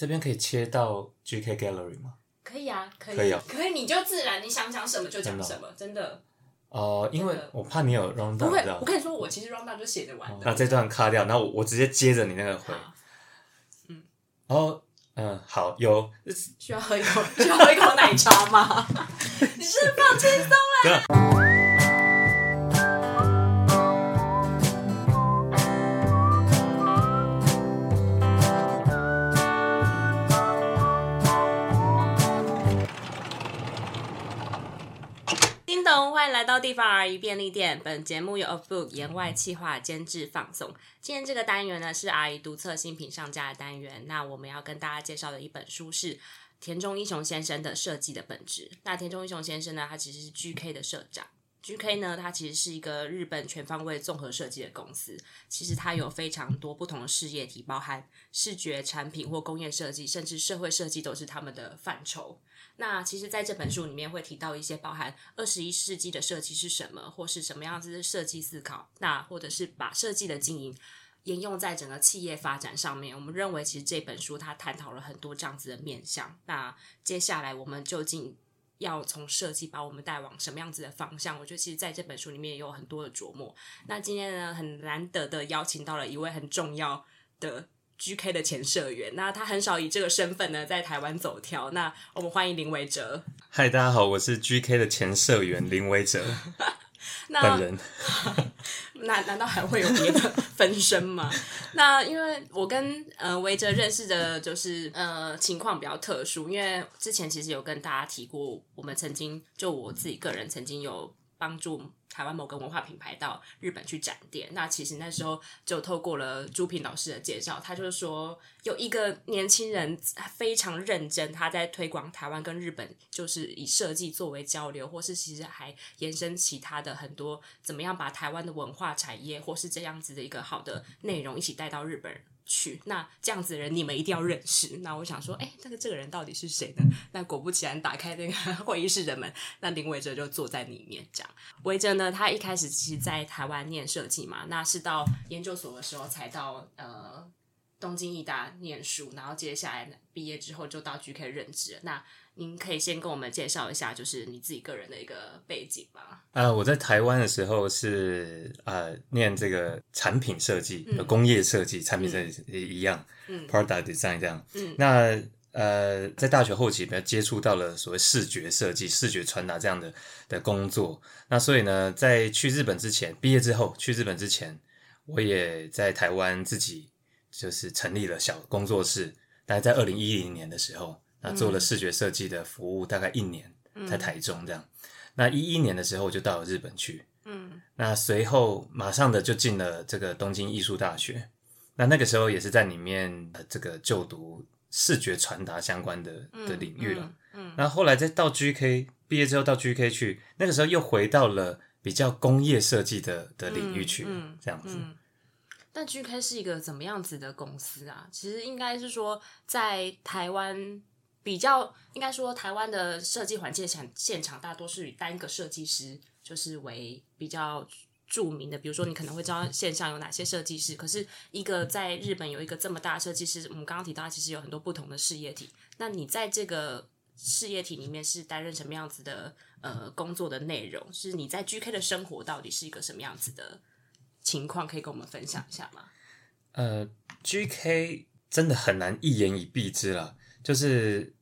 這邊可以切到 GK Gallery 嗎？可以啊，可以，可以，可以，你就自然，你想講什麼就講什麼，真的。哦，因為我怕你有 run down，不會，我跟你說，我其實 run down 就寫着玩的。那這段卡掉，那我我直接接着你那個回。嗯，然後嗯，好，有需要喝一口，需要喝一口奶茶嗎？你是不放輕鬆啊？歡迎來到地方阿姨便利店。本節目由 offbook 言外企劃監製放送。今天這個單元呢，是阿姨讀冊新品上架的單元。那我們要跟大家介紹的一本書是田中一雄先生的《設計的本質》。那田中一雄先生呢，他其實是 GK 的社長。GK 呢，它其實是一個日本全方位綜合設計的公司。其實它有非常多不同的事業體，包含視覺產品或工業設計，甚至社會設計都是他們的範疇。那其實，在這本書裡面會提到一些包含二十一世紀的設計是什麼，或是什麼樣子的設計思考，那或者是把設計的經營沿用在整個企業發展上面。我們認為，其實這本書它探討了很多這樣子的面向。那接下來，我們究竟要從設計把我們帶往什麼樣子的方向？我覺得，其實在這本書裡面也有很多的琢磨。那今天呢，很難得的邀請到了一位很重要的。GK 的前社員，那他很少以這個身份呢在台灣走跳。那我們歡迎林唯哲。嗨，大家好，我是 GK 的前社員林唯哲。本 那換人。 啊、那難道還會有別的分身嗎？ 那因為我跟呃唯哲認識的，就是呃情況比較特殊，因為之前其實有跟大家提過，我們曾經就我自己個人曾經有。幫助台灣某個文化品牌到日本去展店，那其實那時候就透過了朱平老師的介紹，他就說，有一個年輕人非常認真，他在推廣台灣跟日本，就是以設計作為交流，或是其實還延伸其他的很多，怎麼樣把台灣的文化產業或是這樣子的一個好的內容一起帶到日本。去，那這樣子的人你們一定要認識。那我想說，哎，那個，這個人到底是誰呢？那果不其然，打開那個會議室的門，那林唯哲就坐在裡面。這樣，唯哲呢，他一開始其實在台灣念設計嘛，那是到研究所的時候才到呃東京藝大念書，然後接下來畢業之後就到 GK 任職。那您可以先跟我們介紹一下，就是你自己個人的一個背景嗎？啊、呃，我在台灣的時候是呃念這個產品設計、嗯、工業設計、產品設計一樣，product 嗯 product design 這樣。嗯，那呃，在大學後期比較接觸到了所謂視覺設計、視覺傳達這樣的的工作。那所以呢，在去日本之前，畢業之後去日本之前，我也在台灣自己就是成立了小工作室。但是在二零一零年的時候，做了視覺設計的服務大概一年，在台中這樣。嗯、那一一年的時候，我就到了日本去。嗯，那隨後馬上的就進了這個東京藝術大學。那那個時候也是在裡面這個就讀視覺傳達相關的的領域了。嗯，那、嗯、後、後來再到 GK 畢業之後到 GK 去，那個時候又回到了比較工業設計的的領域去、嗯嗯嗯、這樣子。那 GK 是一個怎麼樣子的公司啊？其實應該是說在台灣。比較應該說台，台灣的設計環境場現場大多是單個設計師，就是為比較著名的，比如說你可能會知道線上有哪些設計師。可是，一個在日本有一個這麼大的設計師，我們剛剛提到他其實有很多不同的事業體。那你在這個事業體裡面是擔任什麼樣子的呃工作的內容？是你在 GK 的生活到底是一個什麼樣子的情況？可以跟我們分享一下嗎？呃，GK 真的很難一言以蔽之了。就是，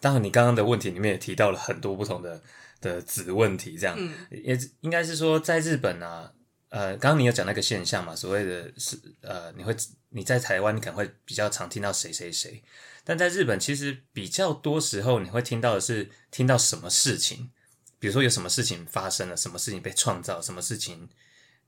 當然，你剛剛的問題裡面也提到了很多不同的的子問題，這樣、嗯、也應該是說，在日本啊，呃，剛剛你有講那個現象嘛？所謂的是，呃，你會你在台灣，你可能會比較常聽到誰誰誰，但在日本，其實比較多時候你會聽到的是聽到什麼事情，比如說有什麼事情發生了，什麼事情被創造，什麼事情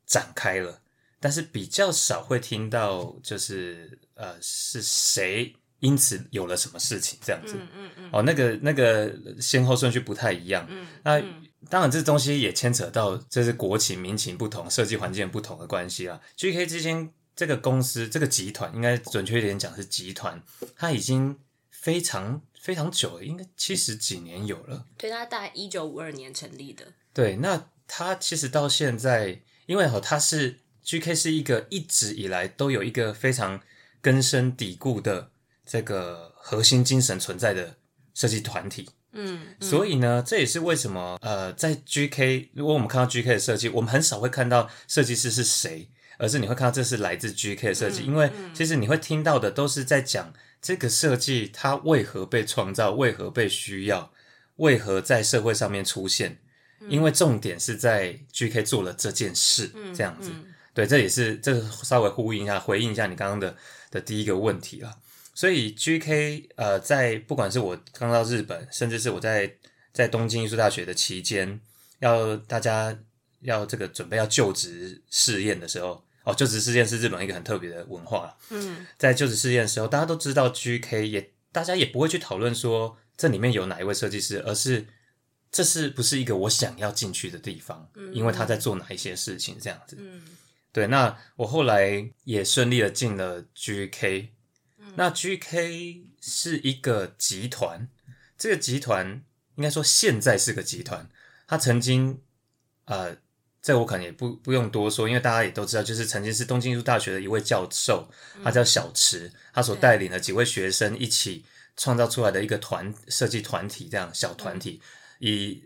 展開了，但是比較少會聽到就是呃是誰。因此有了什麼事情這樣子，嗯嗯，嗯哦，那個那個先後順序不太一樣。嗯嗯、那當然，這東西也牽扯到這是國情民情不同、設計環境不同的關係啊。GK 之間這個公司這個集團，應該準確一點講是集團，它已經非常非常久了，應該七十幾年有了。對，它大概一九五二年成立的。對，那它其實到現在，因為好、哦，它是 GK 是一個一直以來都有一個非常根深蒂固的。這個核心精神存在的設計團體，嗯，嗯，所以呢，這也是為什麼呃，在 GK，如果我們看到 GK 的設計，我們很少會看到設計師是誰，而是你會看到這是來自 GK 的設計，嗯嗯、因為其實你會聽到的都是在講這個設計它為何被創造，為何被需要，為何在社會上面出現，嗯、因為重點是在 GK 做了這件事，嗯嗯、這樣子，對，這也是這稍微呼應一下回應一下你剛剛的的第一個問題了。所以 GK 呃，在不管是我剛到日本，甚至是我在在東京藝術大學的期間，要大家要這個準備要就職試驗的時候，哦，就職試驗是日本一個很特別的文化。嗯，在就職試驗的時候，大家都知道 GK 也，大家也不會去討論說這裡面有哪一位設計師，而是這是不是一個我想要進去的地方，嗯，因為他在做哪一些事情這樣子。嗯，對。那我後來也順利的進了 GK。那 GK 是一個集團，這個集團應該說現在是個集團。他曾經，呃，這個我可能也不不用多說，因為大家也都知道，就是曾經是東京藝術大學的一位教授，他叫小池，他所帶領的幾位學生一起創造出來的一個團設計團體，這樣小團體，以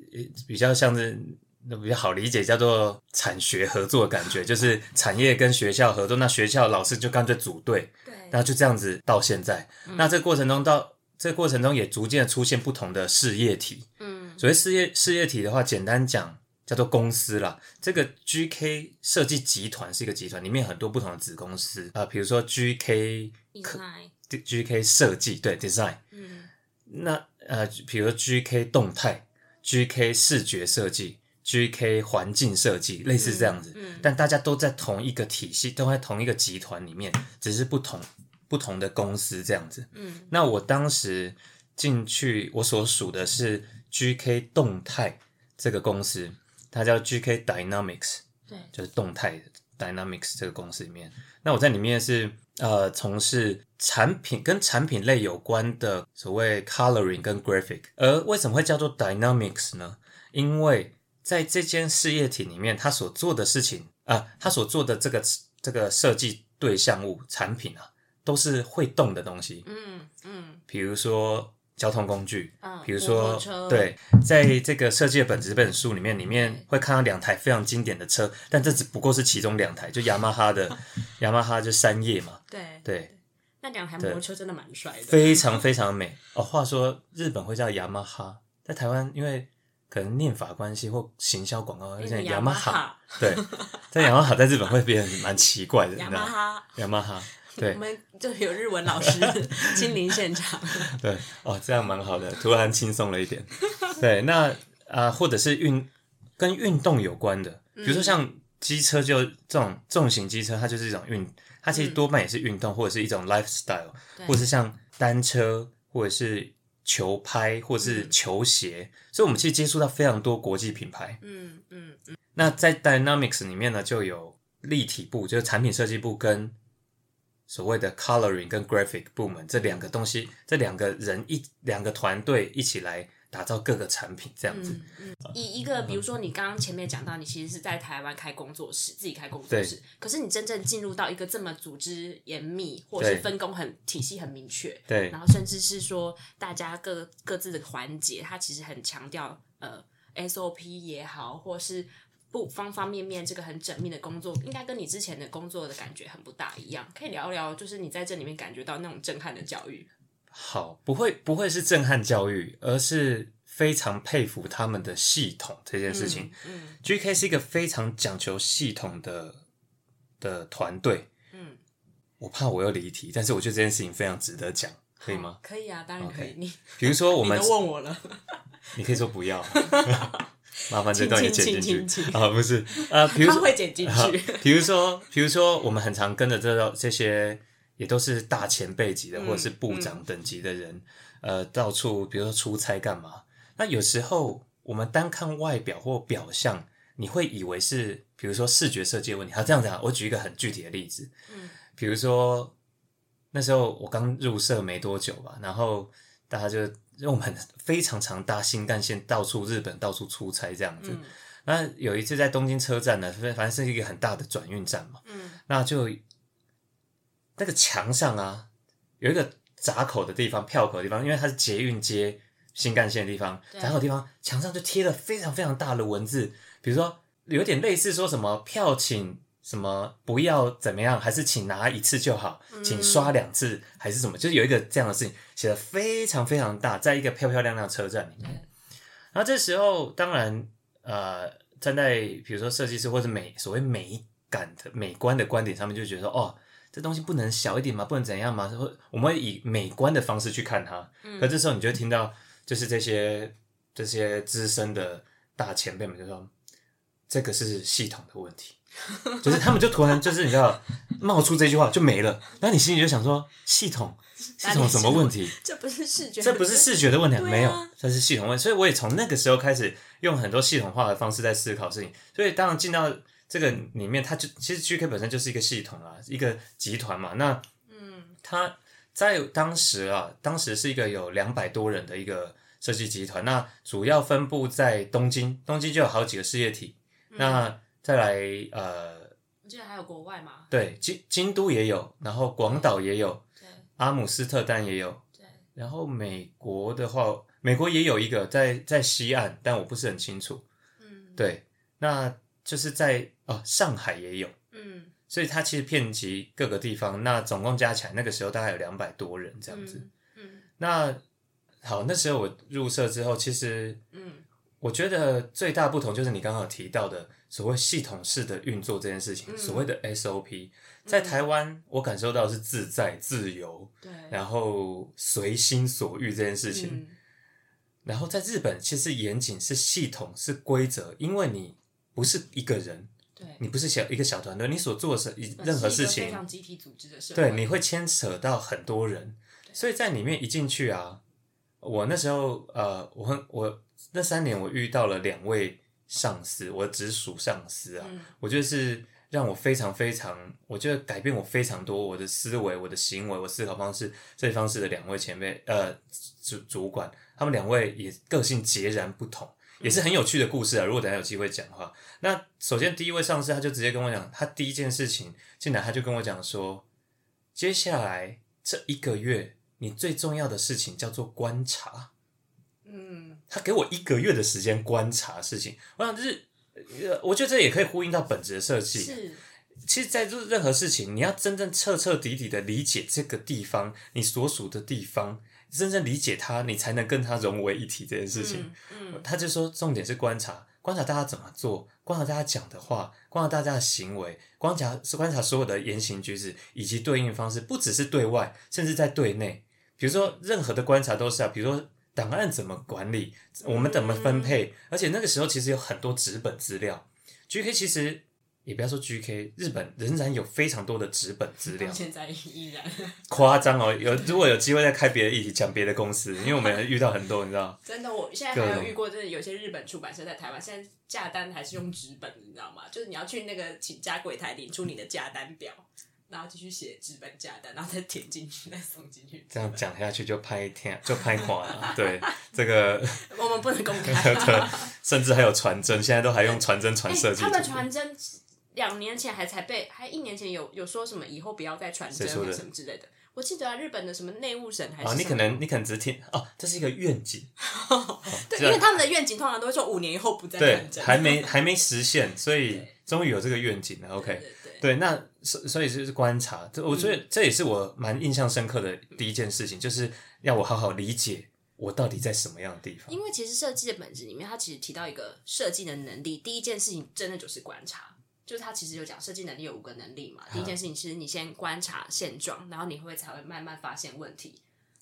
比較像是。那比較好理解，叫做產學合作的感覺，就是產業跟學校合作，那學校老師就乾脆組隊，對，然後就這樣子到現在。嗯、那這個過程中到，到這個、過程中也逐漸出現不同的事業體。嗯，所謂事業事業體的話，簡單講叫做公司啦。這個 G K 設計集團是一個集團，裡面有很多不同的子公司啊，比、呃、如說 G K Design，G K 設計對 Design，嗯，那呃，比如說 G K 動態，G K 視覺設計。GK 環境設計類似這樣子，嗯嗯、但大家都在同一個體系，都在同一個集團裡面，只是不同不同的公司這樣子。嗯，那我當時進去，我所屬的是 GK 動態這個公司，它叫 GK Dynamics，對，就是動態 Dynamics 這個公司裡面。那我在裡面是呃從事產品跟產品類有關的所謂 coloring 跟 graphic。而為什麼會叫做 Dynamics 呢？因為在這間事業體裡面，他所做的事情啊，他所做的這個這個設計對象物產品啊，都是會動的東西。嗯嗯，嗯比如說交通工具，啊、比如說車車對，在這個設計的本質這本書裡面，裡面會看到兩台非常經典的車，對但這只不過是其中兩台，就雅馬哈的雅馬哈就山葉嘛。對對，對，對，那兩台摩托車真的蠻帥的，非常非常美哦。話說日本會叫雅馬哈，在台灣因為。可能念法關係或行銷廣告，像雅馬哈，對，啊、在雅馬哈在日本會變得蠻奇怪的。雅、啊、馬哈，雅馬哈，對，我們就有日文老師親臨 現場。對，哦，這樣蠻好的，突然輕鬆了一點。 對，那啊、呃，或者是運跟運動有關的，比如說像機車，就這種重型機車，它就是一種運，它其實多半也是運動，嗯、或者是一種 lifestyle，對或者是像單車，或者是。球拍或是球鞋，嗯、所以我們其實接觸到非常多國際品牌。嗯嗯，嗯嗯，那在 Dynamics 裡面呢，就有立體部，就是產品設計部跟所謂的 coloring 跟 graphic 部門這兩個東西，這兩個人一兩個團隊一起來，打造各個產品這樣子，嗯嗯、以一個比如說你剛剛前面講到，你其實是在台灣開工作室，自己開工作室。對可是你真正進入到一個這麼組織嚴密，或是分工很對體系很明確，對。然後甚至是說，大家各各自的環節，他其實很強調呃 SOP 也好，或是不方方面面這個很縝密的工作，應該跟你之前的工作的感覺很不大一樣。可以聊一聊，就是你在這裡面感覺到那種震撼的教育。好，不會不會是震撼教育，而是非常佩服他們的系統這件事情。嗯嗯、GK 是一個非常講求系統的的團隊。嗯，我怕我又離題，但是我覺得這件事情非常值得講，可以嗎？可以啊，當然可以。Okay. 你比如說，我們都問我了， 你可以說不要， 麻煩這段也剪進去清清清清清啊？不是啊，呃、比如說他會剪進去、啊。比如說，比如說，比如說我們很常跟着這這些。也都是大前輩級的，或者是部長等級的人，嗯嗯、呃，到處比如說出差幹嘛？那有時候我們單看外表或表象，你會以為是，比如說視覺設計問題。啊，這樣子啊，我舉一個很具體的例子，嗯，比如說那時候我剛入社沒多久吧，然後大家就因為我們非常常搭新幹線，到處日本到處出差這樣子。嗯、那有一次在東京車站呢，反正是一個很大的轉運站嘛，嗯，那就。那個牆上啊，有一個閘口的地方，票口的地方，因為它是捷運接新幹線的地方，閘對口的地方牆上就貼了非常非常大的文字，比如說有點類似說什麼票，請什麼不要怎麼樣，還是請拿一次就好，請刷兩次，嗯、還是什麼，就是有一個這樣的事情寫得非常非常大，在一個漂漂亮亮的車站裡面。嗯、然後這時候當然呃，站在比如說設計師或者美所謂美感的美觀的觀點上面，就覺得說哦。這東西不能小一點嗎？不能怎樣嗎？我們會以美觀的方式去看它。嗯、可這時候你就聽到，就是這些這些資深的大前輩們就說：“這個是系統的問題。” 就是他們就突然就是你知道冒出這句話就沒了。那你心裡就想說：“系統系統什麼問題？ 這不是視覺，這不是視覺的問題，啊、沒有，這是系統問題。”所以我也從那個時候開始用很多系統化的方式在思考事情。所以當然進到。這個裡面，它就其實 GK 本身就是一個系統啊，一個集團嘛。那嗯，它在當時啊，當時是一個有兩百多人的一個設計集團。那主要分布在東京，東京就有好幾個事業體。嗯，那再來呃，我記得還有國外嘛，對，京京都也有，然後廣島也有，對，對阿姆斯特丹也有，對，然後美國的話，美國也有一個在在西岸，但我不是很清楚。嗯，對，那就是在。啊、哦，上海也有，嗯，所以它其實遍及各個地方。那總共加起來，那個時候大概有兩百多人這樣子。嗯，嗯那好，那時候我入社之後，其實，嗯，我覺得最大不同就是你剛好提到的所謂系統式的運作這件事情，嗯、所謂的 SOP，在台灣、嗯、我感受到的是自在、自由，對，然後隨心所欲這件事情。嗯、然後在日本，其實嚴謹是系統是規則，因為你不是一個人。你不是小一個小團隊，你所做的事，任何事情，對，會對你會牽扯到很多人，對所以在裡面一進去啊，我那時候呃，我我那三年我遇到了兩位上司，我直屬上司啊，嗯、我覺得是讓我非常非常，我覺得改變我非常多，我的思維、我的行為、我思考方式這方式的兩位前輩，呃，主主管，他們兩位也個性截然不同。也是很有趣的故事啊！如果等下有機會講的話，那首先第一位上司他就直接跟我講，他第一件事情進來他就跟我講說，接下來這一個月你最重要的事情叫做觀察。嗯，他給我一個月的時間觀察事情，我想就是，我覺得這也可以呼應到本質的設計。是，其實，在做任何事情，你要真正徹徹底底的理解這個地方，你所屬的地方。真正理解他，你才能跟他融為一體這件事情。嗯，嗯，他就說重點是觀察，觀察大家怎麼做，觀察大家講的話，觀察大家的行為，觀察，觀察所有的言行舉止以及對應方式，不只是對外，甚至在對內。比如說，任何的觀察都是啊，比如說檔案怎麼管理，我們怎麼分配，嗯、而且那個時候其實有很多紙本資料。GK 其實。你不要說 GK 日本仍然有非常多的紙本資料，現在依然誇張哦。有如果有機會再開別的議題，講別的公司，因為我們也遇到很多，你知道？真的，我現在還沒有遇過，就是有些日本出版社在台灣，對現在價單還是用紙本，你知道嗎？就是你要去那個請加櫃檯領出你的價單表，然後繼續寫紙本價單，然後再填進去，再送進去。這樣講下去就拍一天，就拍垮了。 對，這個我們不能公開。 甚至還有傳真，現在都還用傳真傳設計。他們的傳真。兩年前還才被，還一年前有有說什麼以後不要再傳真什麼之類的，的我記得啊，日本的什麼內務省還是、啊、你可能你可能只聽哦、啊，這是一個願景、 哦。對，就因為他們的願景通常都會說五年以後不再傳真對，還沒還沒實現，所以終於對有這個願景了。OK，對，對，對，對，對，那所所以就是觀察，我覺得這也是我蠻印象深刻的第一件事情，嗯、就是要我好好理解我到底在什麼樣的地方。因為其實設計的本質裡面，它其實提到一個設計的能力，第一件事情真的就是觀察。就是他其實有講設計能力有五個能力嘛，第一件事情其實你先觀察現狀，啊、然後你會才會慢慢發現問題，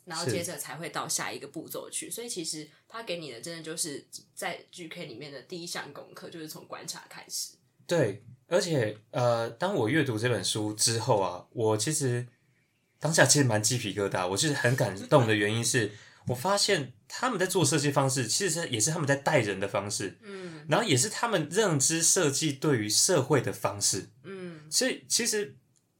然後接着才會到下一個步驟去。是所以其實他給你的真的就是在 GK 裡面的第一項功課就是從觀察開始。對，而且呃，當我閱讀這本書之後啊，我其實當下其實蠻雞皮疙瘩，我其實很感動的原因是 我發現。他們在做設計方式，其實是也是他們在帶人的方式，嗯，然後也是他們認知設計對於社會的方式，嗯，所以其實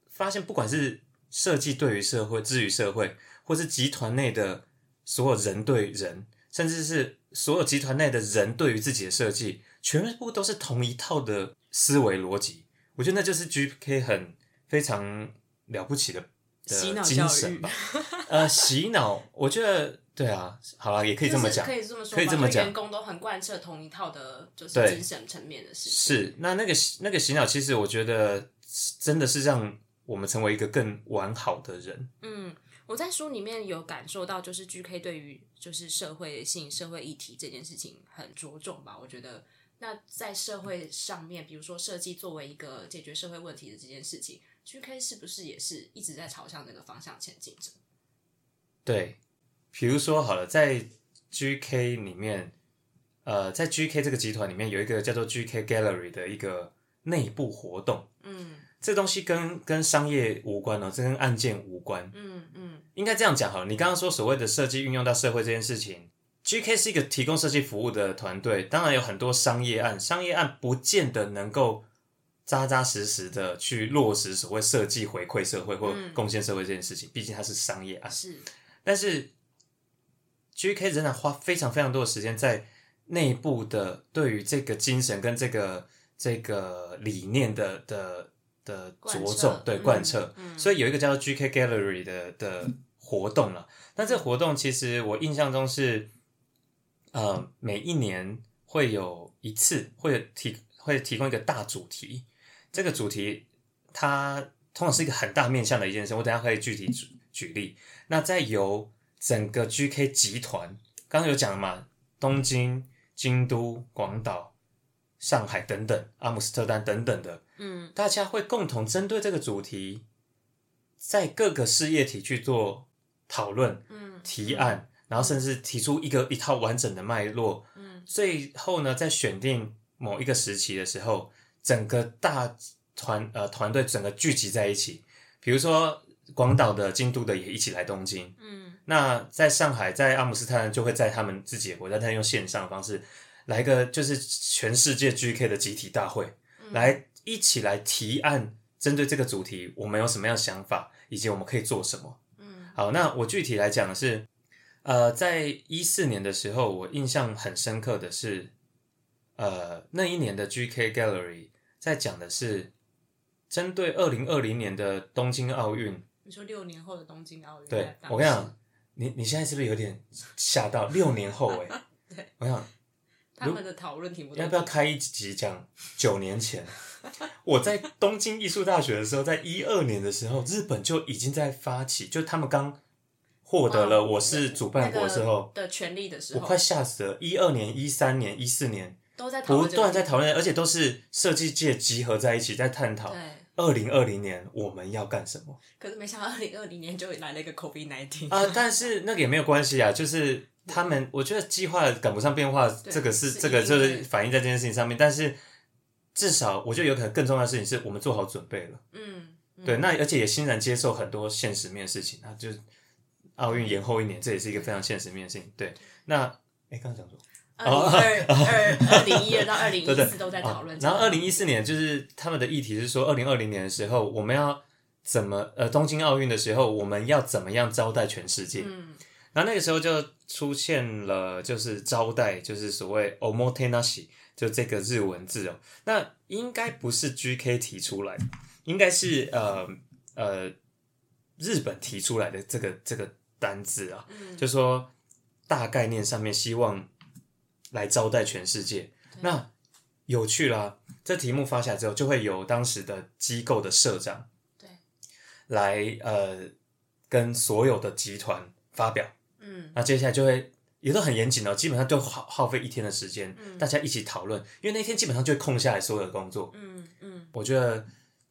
發現，不管是設計對於社會、至於社會，或是集團內的所有人對人，甚至是所有集團內的人對於自己的設計，全部都是同一套的思維邏輯。我覺得那就是 GPK 很非常了不起的的精神吧， 呃，洗腦，我覺得。對啊，好了，啊，也可以這麼講，可以這麼說，可以這麼講，員工都很貫徹同一套的，就是精神層面的事情。是那那個那個洗腦，其實我覺得真的是讓我們成為一個更完好的人。嗯，我在書裡面有感受到，就是 GK 對於就是社會性社會議題這件事情很着重吧？我覺得那在社會上面，比如說設計作為一個解決社會問題的這件事情，GK 是不是也是一直在朝向那個方向前進着？對。比如說好了，在 GK 裡面，呃，在 GK 這個集團裡面有一個叫做 GK Gallery 的一個內部活動，嗯，這東西跟跟商業無關哦，這跟案件無關，嗯嗯，應該這樣講哈。你剛剛說所謂的設計運用到社會這件事情，GK 是一個提供設計服務的團隊，當然有很多商業案，商業案不見得能夠扎扎實實的去落實所謂設計回饋社會或貢獻社會這件事情，嗯，畢竟它是商業案，是，但是。GK 真的花非常非常多的時間在內部的對於這個精神跟這個這個理念的的的着重貫徹對貫徹，嗯嗯、所以有一個叫做 GK Gallery 的的活動了。那這個活動其實我印象中是，呃，每一年會有一次會提會提供一個大主題，這個主題它通常是一個很大面向的一件事。我等下可以具體舉舉例。那再由整個 GK 集團剛剛有講了嘛，東京、京都、廣島、上海等等，阿姆斯特丹等等的，嗯，大家會共同針對這個主題，在各個事業體去做討論，嗯，提案，嗯嗯、然後甚至提出一個一套完整的脈絡，嗯，最後呢，在選定某一個時期的時候，整個大團呃團隊整個聚集在一起，比如說廣島的、京都的也一起來東京，嗯。那在上海，在阿姆斯特丹就會在他們自己的國家，他用線上的方式來個，就是全世界 GK 的集體大會，嗯、來一起來提案，針對這個主題，我們有什麼樣的想法，以及我們可以做什麼。嗯，好，那我具體來講的是，呃，在一四年的時候，我印象很深刻的是，呃，那一年的 GK Gallery 在講的是針對二零二零年的東京奧運。你說六年後的東京奧運？對，我跟你講。你你現在是不是有點嚇到？六年後哎、欸， 對，我想他們的討論題目要不要開一集講九年前？ 我在東京藝術大學的時候，在一二年的時候，日本就已經在發起，就他們剛獲得了我是主辦國的時候、哦那個、的權利的時候，我快嚇死了！一二年、一三年、一四年都在討討不斷在討論，對而且都是設計界集合在一起在探討。二零二零年我們要幹什麼？可是沒想到二零二零年就來了一個 COVID 19、呃、啊！但是那個也沒有關係啊，就是他們，我覺得計劃趕不上變化，對這個是，是，是這個就是反映在這件事情上面。但是至少我覺得有可能更重要的事情是我們做好準備了，嗯，嗯對，那而且也欣然接受很多現實面的事情，那就是奧運延後一年，這也是一個非常現實面的事情。對，那哎，剛想、欸、說。二二二二零一二到二零一四都在討論。Uh, 然後二零一四年就是他們的議題是說，二零二零年的時候我們要怎麼呃東京奧運的時候我們要怎麼樣招待全世界？嗯，然後那個時候就出現了就是招待就是所謂 omotenashi 就這個日文字哦，那應該不是 GK 提出來，應該是呃呃日本提出來的這個這個單字啊，嗯，就說大概念上面希望。來招待全世界，對那有趣啦。這題目發下來之後，就會由當時的機構的社長對來呃跟所有的集團發表，嗯，那、啊、接下來就會也都很嚴謹哦，基本上就耗耗費一天的時間，嗯、大家一起討論，因為那天基本上就會空下來所有的工作，嗯嗯，嗯我覺得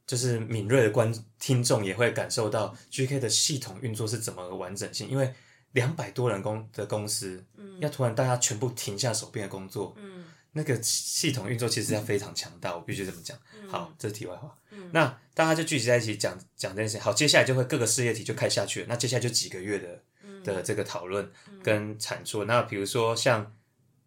就是敏銳的觀聽眾也會感受到 GK 的系統運作是怎麼個完整性，因為。兩百多人工的公司，嗯、要突然大家全部停下手邊的工作，嗯，那個系統運作其實要非常強大，嗯、我必須這麼講。好，嗯、這是題外話。嗯、那大家就聚集在一起講講這件事。好，接下來就會各個事業體就開下去了。那接下來就幾個月的、嗯、的這個討論跟產出。嗯、那比如說像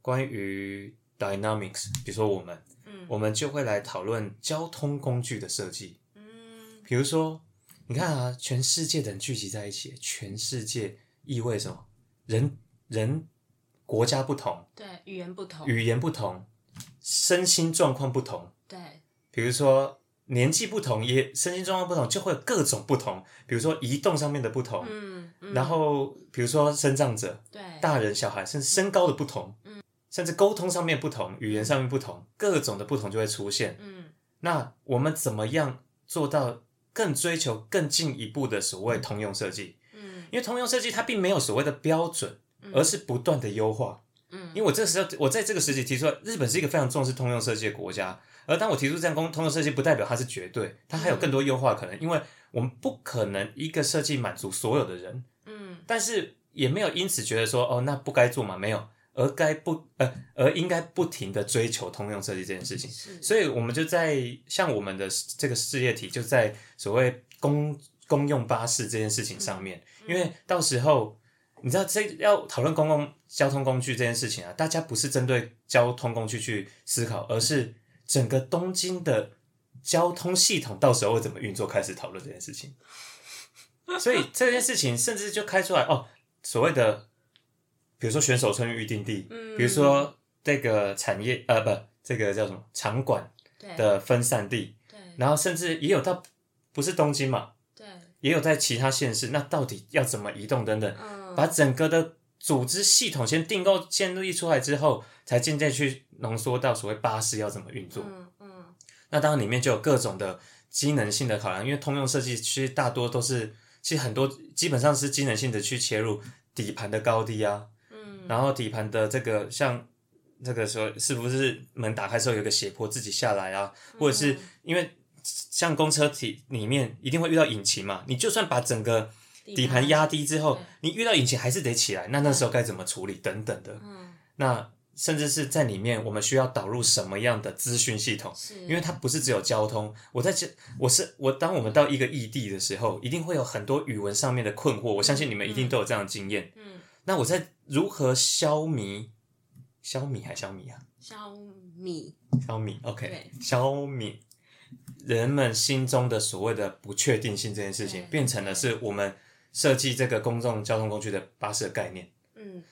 關於 Dynamics，比如說我們，嗯、我們就會來討論交通工具的設計。嗯，比如說你看啊，全世界的人聚集在一起，全世界，意味什麼？人人國家不同，對，語言不同，語言不同，身心狀況不同，對，比如說年紀不同，也身心狀況不同，就會有各種不同。比如說移動上面的不同，嗯，嗯，然後比如說生長者，對，大人小孩甚至身高的不同，嗯，甚至溝通上面不同，語言上面不同，各種的不同就會出現，嗯，那我們怎麼樣做到更追求更進一步的所謂通用設計？因為通用設計它並沒有所謂的標準，嗯、而是不斷的優化。嗯，因為我這時候我在這個時期提出，日本是一個非常重視通用設計的國家。而當我提出這樣公通用設計，不代表它是絕對，它還有更多優化可能。嗯、因為我們不可能一個設計滿足所有的人，嗯，但是也沒有因此覺得說哦，那不該做嘛。沒有，而該不呃，而應該不停的追求通用設計這件事情。是的。所以我們就在像我們的這個事業體，就在所謂公公用巴士這件事情上面。嗯因為到時候你知道這，這要討論公共交通工具這件事情啊，大家不是針對交通工具去思考，而是整個東京的交通系統到時候會怎麼運作，開始討論這件事情。所以這件事情甚至就開出來哦，所謂的比如說選手村預定地，嗯、比如說這個產業呃不，這個叫什麼場館的分散地，然後甚至也有到不是東京嘛。也有在其他縣市，那到底要怎麼移動等等，嗯、把整個的組織系統先訂購建立出來之後，才漸漸去濃縮到所謂巴士要怎麼運作。嗯嗯、那當然裡面就有各種的機能性的考量，因為通用設計其實大多都是，其實很多基本上是機能性的去切入底盤的高低啊，嗯、然後底盤的這個像這個時候是不是門打開時候有個斜坡自己下來啊，嗯、或者是因為。像公車體裡面一定會遇到引擎嘛，你就算把整個底盤壓低之後，盤你遇到引擎還是得起來，對那那時候該怎麼處理？等等的。嗯、那甚至是在裡面我們需要導入什麼樣的資訊系統？是因為它不是只有交通。我在這我是我，當我們到一個異地的時候，嗯、一定會有很多語文上面的困惑。我相信你們一定都有這樣的經驗，嗯嗯、那我在如何消弭？消弭還消弭啊？消弭米，消弭，OK，對消弭。人們心中的所謂的不確定性這件事情，對變成的是我們設計這個公共交通工具的巴士的概念。嗯，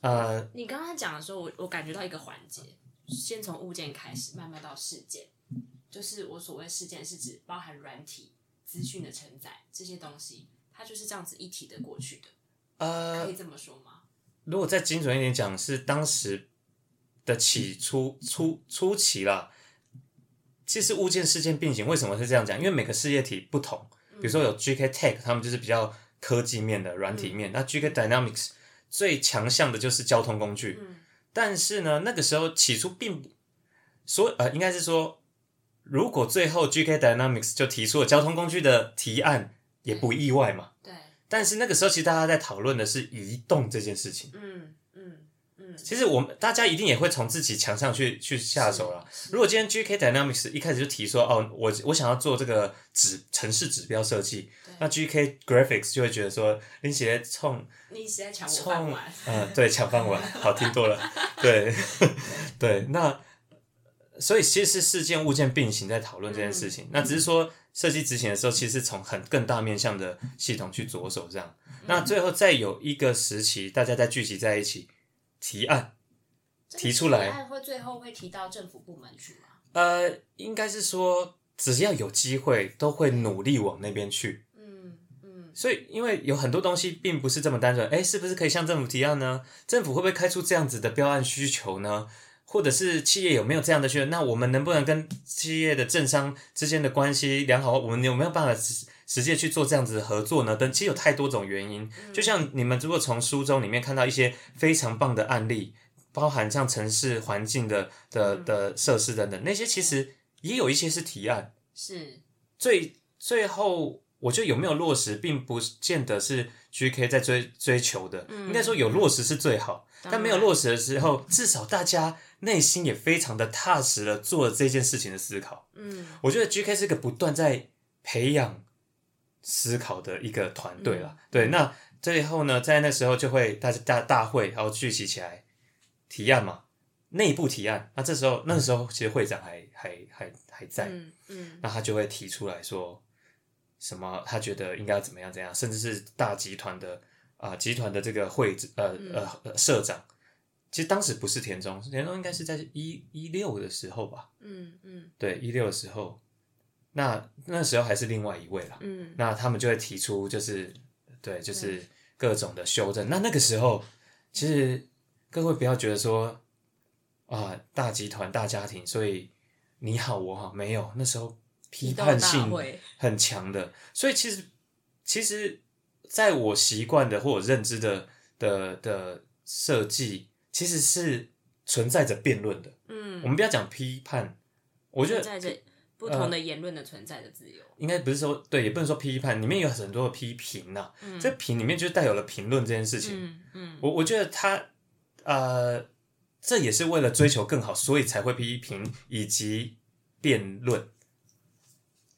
呃，你剛剛講的時候，我我感覺到一個環節，先從物件開始，慢慢到事件。就是我所謂事件，是指包含軟體、資訊的承載這些東西，它就是這樣子一體的過去的。呃，可以這麼說嗎？如果再精準一點講，是當時的起初初初期啦。其實物件事件並行為什麼是這樣講？因為每個事業體不同，比如說有 GK Tech，他們就是比較科技面的軟體面。嗯，那 GK Dynamics 最強項的就是交通工具。嗯，但是呢，那個時候起初並不說，呃，應該是說，如果最後 GK Dynamics 就提出了交通工具的提案，也不意外嘛。嗯，對。但是那個時候其實大家在討論的是移動這件事情。嗯。其實我們大家一定也會從自己牆上去去下手啦。如果今天 G K Dynamics 一開始就提說哦，我我想要做這個指城市指標設計，對那 G K Graphics 就會覺得說，在你直接衝，你直接搶飯碗，嗯、呃，對，搶飯碗好聽多了，對，對，對。那所以其實是事件物件並行在討論這件事情，嗯、那只是說設計執行的時候，其實從很更大面向的系統去着手這樣。嗯、那最後再有一個時期，大家再聚集在一起。提案提出來，會最後會提到政府部門去嗎？呃，應該是說，只要有機會，都會努力往那邊去。嗯嗯，嗯，所以因為有很多東西並不是這麼單純，誒，是不是可以向政府提案呢？政府會不會開出這樣子的標案需求呢？或者是企業有沒有這樣的需求？那我們能不能跟企業的政商之間的關係良好？我們有沒有辦法？直接去做這樣子的合作呢？但其實有太多種原因。嗯、就像你們如果從書中裡面看到一些非常棒的案例，包含像城市環境的的的設施等等，嗯、那些其實也有一些是提案。是。最最後，我覺得有沒有落實，並不見得是 GK 在追追求的。嗯、應該說有落實是最好，嗯、但沒有落實的時候，然至少大家內心也非常的踏實地做了這件事情的思考。嗯。我覺得 GK 是一個不斷在培養。思考的一個團隊啦，嗯、對，那最後呢，在那時候就會大家大大會然後聚集起來提案嘛，內部提案。那這時候、嗯、那個時候其實會長還還還還在，嗯，嗯那他就會提出來說什麼，他覺得應該要怎麼樣怎樣，甚至是大集團的啊、呃，集團的這個會呃呃呃、嗯、社長，其實當時不是田中，田中應該是在一一六的時候吧，嗯嗯，嗯對一六的時候。那那時候還是另外一位了，嗯，那他們就會提出，就是對，就是各種的修正。對那那個時候，其實各位不要覺得說啊，大集團、大家庭，所以你好我好，沒有，那時候批判性很強的。所以其實其實，在我習慣的或我認知的的的設計，其實是存在着辯論的。嗯，我們不要講批判，我覺得。不同的言論的存在的自由，呃、應該不是說對，也不能說批判，裡面有很多的批評吶、啊。嗯、這評裡面就帶有了評論這件事情。嗯嗯、我我覺得他呃，這也是為了追求更好，所以才會批評以及辯論，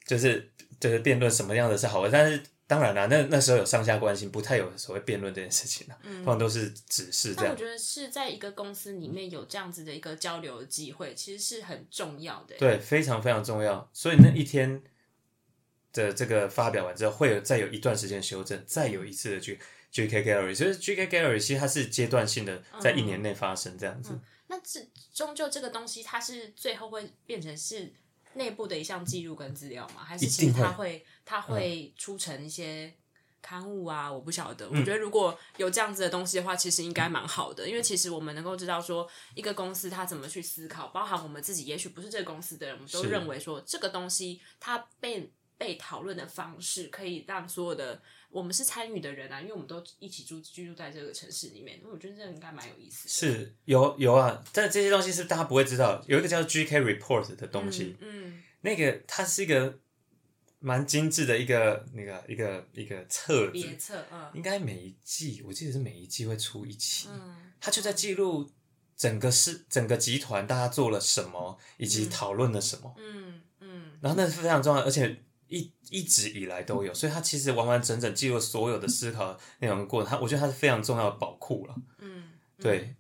就是就是辯論什麼樣的是好的，但是。當然了、啊，那那時候有上下關係，不太有所謂辯論這件事情了、啊，嗯，通常都是指示這樣。我覺得是在一個公司裡面有這樣子的一個交流機會，嗯、其實是很重要的。對，非常非常重要。所以那一天的這個發表完之後，會有再有一段時間修正，再有一次的去 G, GK Gallery，所以 GK Gallery 其實它是階段性的，在一年內發生這樣子。嗯嗯、那這終究這個東西，它是最後會變成是內部的一項記錄跟資料嗎？還是其實它一定會？他會出成一些刊物啊，嗯、我不曉得。我覺得如果有這樣子的東西的話，嗯、其實應該蠻好的，因為其實我們能夠知道說一個公司它怎麼去思考，包含我們自己也許不是這個公司的人，我們都認為說這個東西它被被討論的方式可以讓所有的我們是參與的人啊，因為我們都一起住居住在這個城市裡面，我覺得這應該蠻有意思。是有有啊，但這些東西是大家不會知道。有一個叫 GK Report 的東西，嗯，嗯，那個它是一個。蠻精致的一個那個一個一個冊子，碟冊，嗯、應該每一季，我記得是每一季會出一期，嗯、他它就在記錄整個是整個集團大家做了什麼，以及討論了什麼，嗯嗯，嗯嗯然後那是非常重要，而且一一直以來都有，嗯、所以它其實完完整整記錄所有的思考內容過程他我覺得它是非常重要的寶庫了，嗯，對。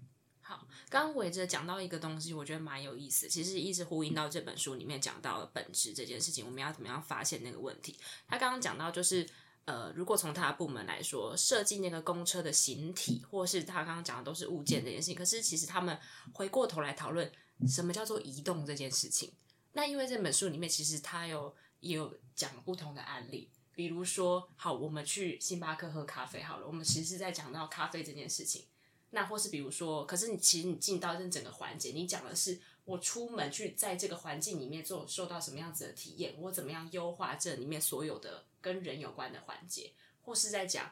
剛回着講到一個東西，我覺得蠻有意思。其實一直呼應到這本書裡面講到的本質這件事情，我們要怎麼樣發現那個問題？他剛剛講到就是，呃，如果從他的部門來說，設計那個公車的形體，或是他剛剛講的都是物件這件事情。可是其實他們回過頭來討論什麼叫做移動這件事情。那因為這本書裡面其實他有也有講不同的案例，比如說，好，我們去星巴克喝咖啡，好了，我們其實是在講到咖啡這件事情。那或是比如說，可是你其實你進到這整個環節，你講的是我出門去在這個環境裡面做受到什麼樣子的體驗，我怎麼樣優化這裡面所有的跟人有關的環節，或是在講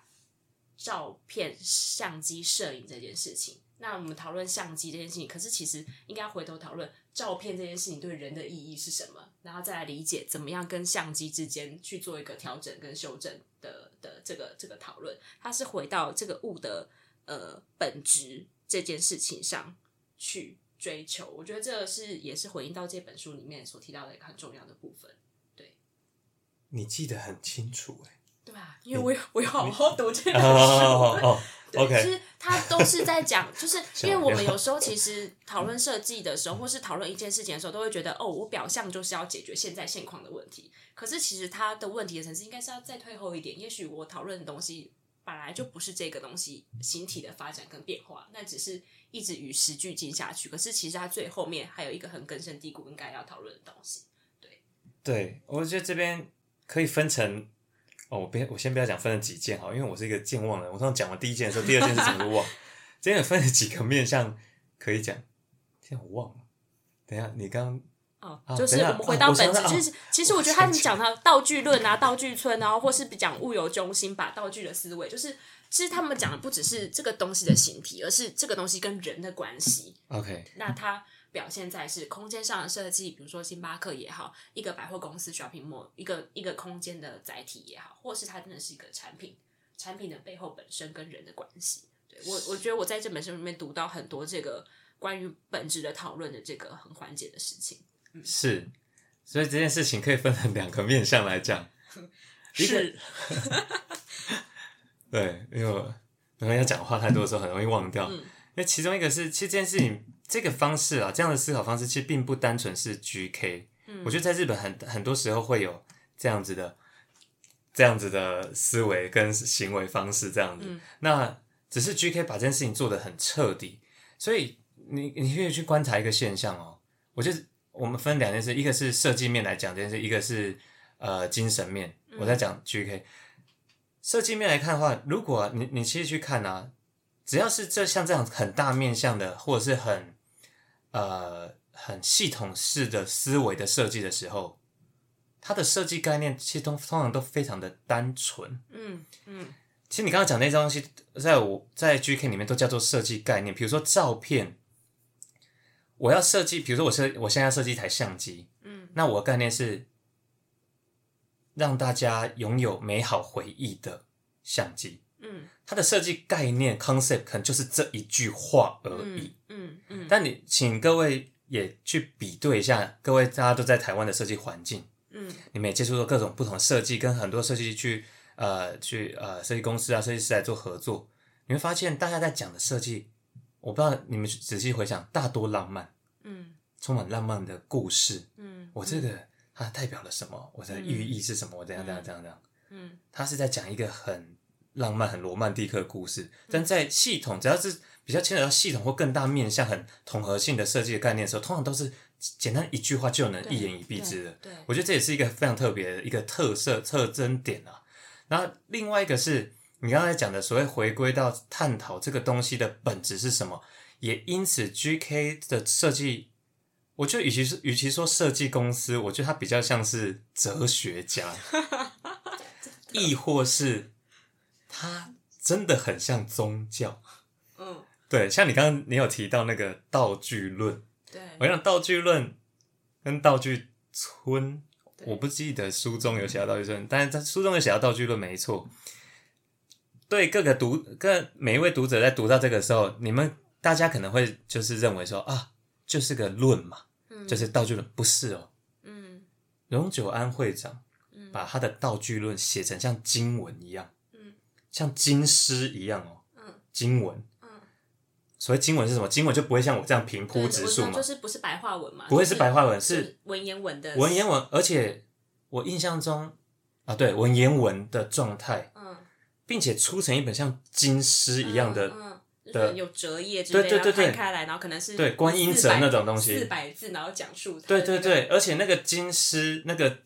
照片、相機、攝影這件事情。那我們討論相機這件事情，可是其實應該回頭討論照片這件事情對人的意義是什麼，然後再來理解怎麼樣跟相機之間去做一個調整跟修正的的這個這個討論，它是回到這個物的。呃，本質這件事情上去追求，我覺得這是也是回應到這本書裡面所提到的一個很重要的部分。對，你記得很清楚哎、欸，對吧？你因為我我要好好讀這本書。OK，其實他都是在講，就是因為我們有時候其實討論設計的時候，或是討論一件事情的時候，都會覺得哦，我表象就是要解決現在現況的問題，可是其實他的問題的層次應該是要再退後一點。也許我討論的東西。本來就不是這個東西形體的發展跟變化，那只是一直與時俱進下去。可是其實它最後面還有一個很根深蒂固應該要討論的東西。對，對我覺得這邊可以分成哦，我別我先不要講分了幾件好，因為我是一個健忘的人。我剛剛講了第一件的時候，第二件是怎麼都忘？ 今天有分了幾個面向可以講？天，我忘了。等下，你剛。哦，哦就是我們回到本質，哦、就是其實我覺得他們講到道具論啊、道具村啊，或是講物有中心吧 道具的思維，就是其實他們講的不只是這個東西的形體，而是這個東西跟人的關係。OK，那它表現在是空間上的設計，比如說星巴克也好，一個百貨公司 shopping mall 一個一個空間的載體也好，或是它真的是一個產品，產品的背後本身跟人的關係。對我，我覺得我在這本書裡面讀到很多這個關於本質的討論的這個很關鍵的事情。是，所以這件事情可以分成兩個面向來講。是，可 對，因為然後要講話太多的時候很容易忘掉。嗯。因為其中一個是，其實這件事情這個方式啊，這樣的思考方式其實並不單純是 GK。嗯。我覺得在日本很很多時候會有這樣子的，這樣子的思維跟行為方式這樣子。嗯。那只是 GK 把這件事情做得很徹底，所以你你可以去觀察一個現象哦，我覺得。我們分兩件事，一個是設計面來講這件事，一個是呃精神面。我在講 GK，設計面來看的話，如果，啊，你你其實去看啊，只要是這像這樣很大面向的，或者是很呃很系統式的思維的設計的時候，它的設計概念其實通通常都非常的單純，嗯。嗯嗯，其實你剛剛講的那些東西，在我，在 GK 裡面都叫做設計概念，比如說照片。我要設計，比如說我設我現在要設計一台相機，嗯，那我的概念是讓大家擁有美好回憶的相機，嗯，它的設計概念 concept 可能就是這一句話而已，嗯嗯，嗯嗯，但你請各位也去比對一下，各位大家都在台灣的設計環境，嗯，你們也接觸到各種不同設計，跟很多設計去呃去呃設計公司啊設計師來做合作，你會發現大家在講的設計。我不知道你們仔細回想，大多浪漫，嗯，充滿浪漫的故事，嗯，我這個它代表了什麼？我的寓意是什麼？我怎樣怎樣怎樣怎樣？嗯，它是在講一個很浪漫、很羅曼蒂克的故事，但在系統只要是比較牽扯到系統或更大面向、很統合性的設計的概念的時候，通常都是簡單一句話就能一言以蔽之的。對對對，我覺得這也是一個非常特別的一個特色特徵點啊。然後另外一個是。你剛才講的所謂回歸到探討這個東西的本質是什麼，也因此 GK 的設計，我覺得與其是與其說設計公司，我覺得他比較像是哲學家， 亦或是他真的很像宗教。嗯，對，像你剛剛你有提到那個道具論，對，我想道具論跟道具村，對我不記得書中有寫到道具村，對但是在書中有寫到道具論，道具論沒錯。對各個讀、各每一位讀者在讀到這個時候，你們大家可能會就是認為說啊，就是個論嘛，嗯、就是道具論，不是哦，嗯，榮久庵會長，把他的道具論寫成像經文一樣，嗯，像經詩一樣哦，嗯，經文，嗯，嗯所謂經文是什麼？經文就不會像我這樣平鋪直述嘛，就是不是白話文嘛，不會是白話文，就是、是文言文的文言文，而且我印象中對啊對，對文言文的狀態。並且出成一本像金詩一樣的，嗯，嗯的有折頁之類，對對對，拍開來，然後可能是對觀音折那種東西，四百字，然後講述、那個、對對對，而且那個金詩，那個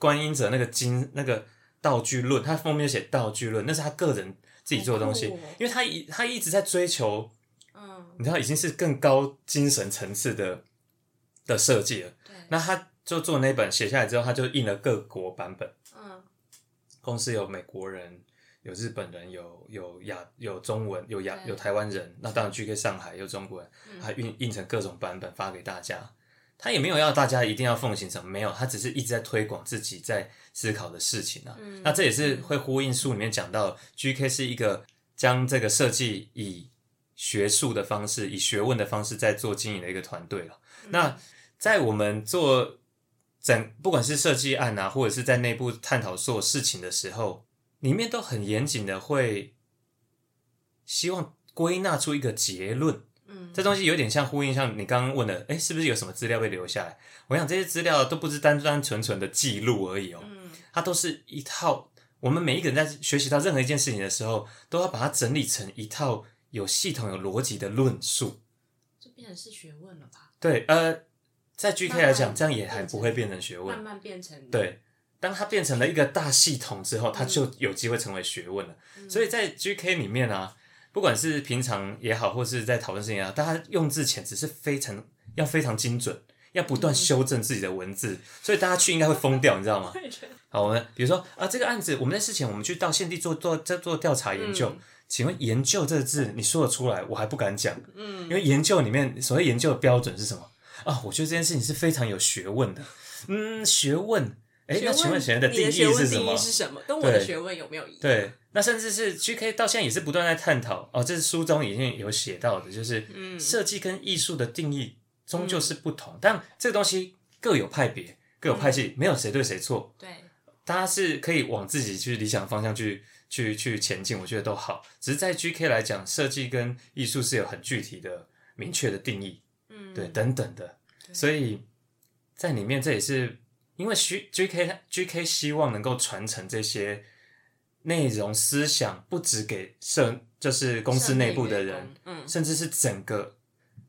觀音折，那個金那個道具論，他封面寫道具論，那是他個人自己做的東西，喔、因為他一他一直在追求，嗯，你知道已經是更高精神層次的的設計了。對，那他就做那本寫下來之後，他就印了各國版本。嗯，公司有美國人。有日本人，有有亞有中文，有亞有台灣人，對那當然 GK 上海有中國人，他對印印成各種版本發給大家，嗯、他也沒有要大家一定要奉行什麼，沒有，他只是一直在推廣自己在思考的事情啊。嗯、那這也是會呼應書裡面講到、嗯、，GK 是一個將這個設計以學術的方式，以學問的方式在做經營的一個團隊、啊嗯、那在我們做整不管是設計案啊，或者是在內部探討做事情的時候。裡面都很嚴謹的，會希望歸納出一個結論。嗯，這東西有點像呼應，像你剛剛問的，哎，是不是有什麼資料被留下來？我想這些資料都不是單單純純的記錄而已哦。嗯，它都是一套，我們每一個人在學習到任何一件事情的時候，都要把它整理成一套有系統、有邏輯的論述。就變成是學問了吧？對，呃，在 GK 來講，慢慢這樣也還不會變成學問，慢慢變成。對。當它變成了一個大系統之後，它就有機會成為學問了。嗯、所以在 GK 裡面啊，不管是平常也好，或是在討論事情也好，大家用字遣詞是非常要非常精準，要不斷修正自己的文字。嗯、所以大家去應該會瘋掉，你知道嗎？好，我們比如說啊，這個案子，我們在事前，我們去到現地做做在做調查研究，嗯、請問“研究”這個字，你說得出來，我還不敢講。嗯，因為“研究”裡面所謂“研究”的標準是什麼啊？我覺得這件事情是非常有學問的。嗯，學問。哎，欸、問那請問選擇的定義是什麼？對，跟我的學問有沒有意義？對，那甚至是 GK 到現在也是不斷在探討。哦，這是書中已經有寫到的，就是設計跟藝術的定義終究是不同。嗯、但這個東西各有派別，各有派系，嗯、沒有誰對誰錯。對，大家是可以往自己去理想方向去去去前進，我覺得都好。只是在 GK 來講，設計跟藝術是有很具體的明確的定義，嗯，對，等等的。對所以在裡面這也是。因為需 GK GK 希望能夠傳承這些內容思想，不止給社，嗯、就是公司內部的人，嗯、甚至是整個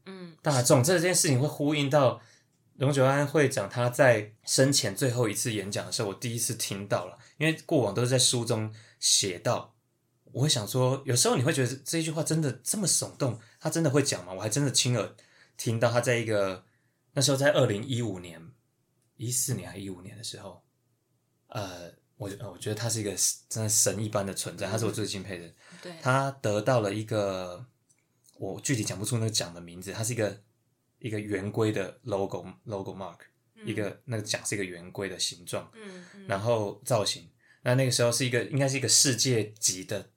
嗯大眾。嗯、這件事情會呼應到榮久庵會長他在生前最後一次演講的時候，我第一次聽到了。因為過往都是在書中寫到，我會想說，有時候你會覺得這一句話真的這麼聳動，他真的會講嗎？我還真的親耳聽到他在一個那時候在二零一五年。一四年還是一五年的時候，呃，我我覺得他是一個真的神一般的存在，他是我最敬佩的。對他得到了一個我具體講不出那個獎的名字，他是一個一個圓規的 logo logo mark，嗯、一個那個獎是一個圓規的形狀。嗯嗯、然後造型，那那個時候是一個應該是一個世界級的，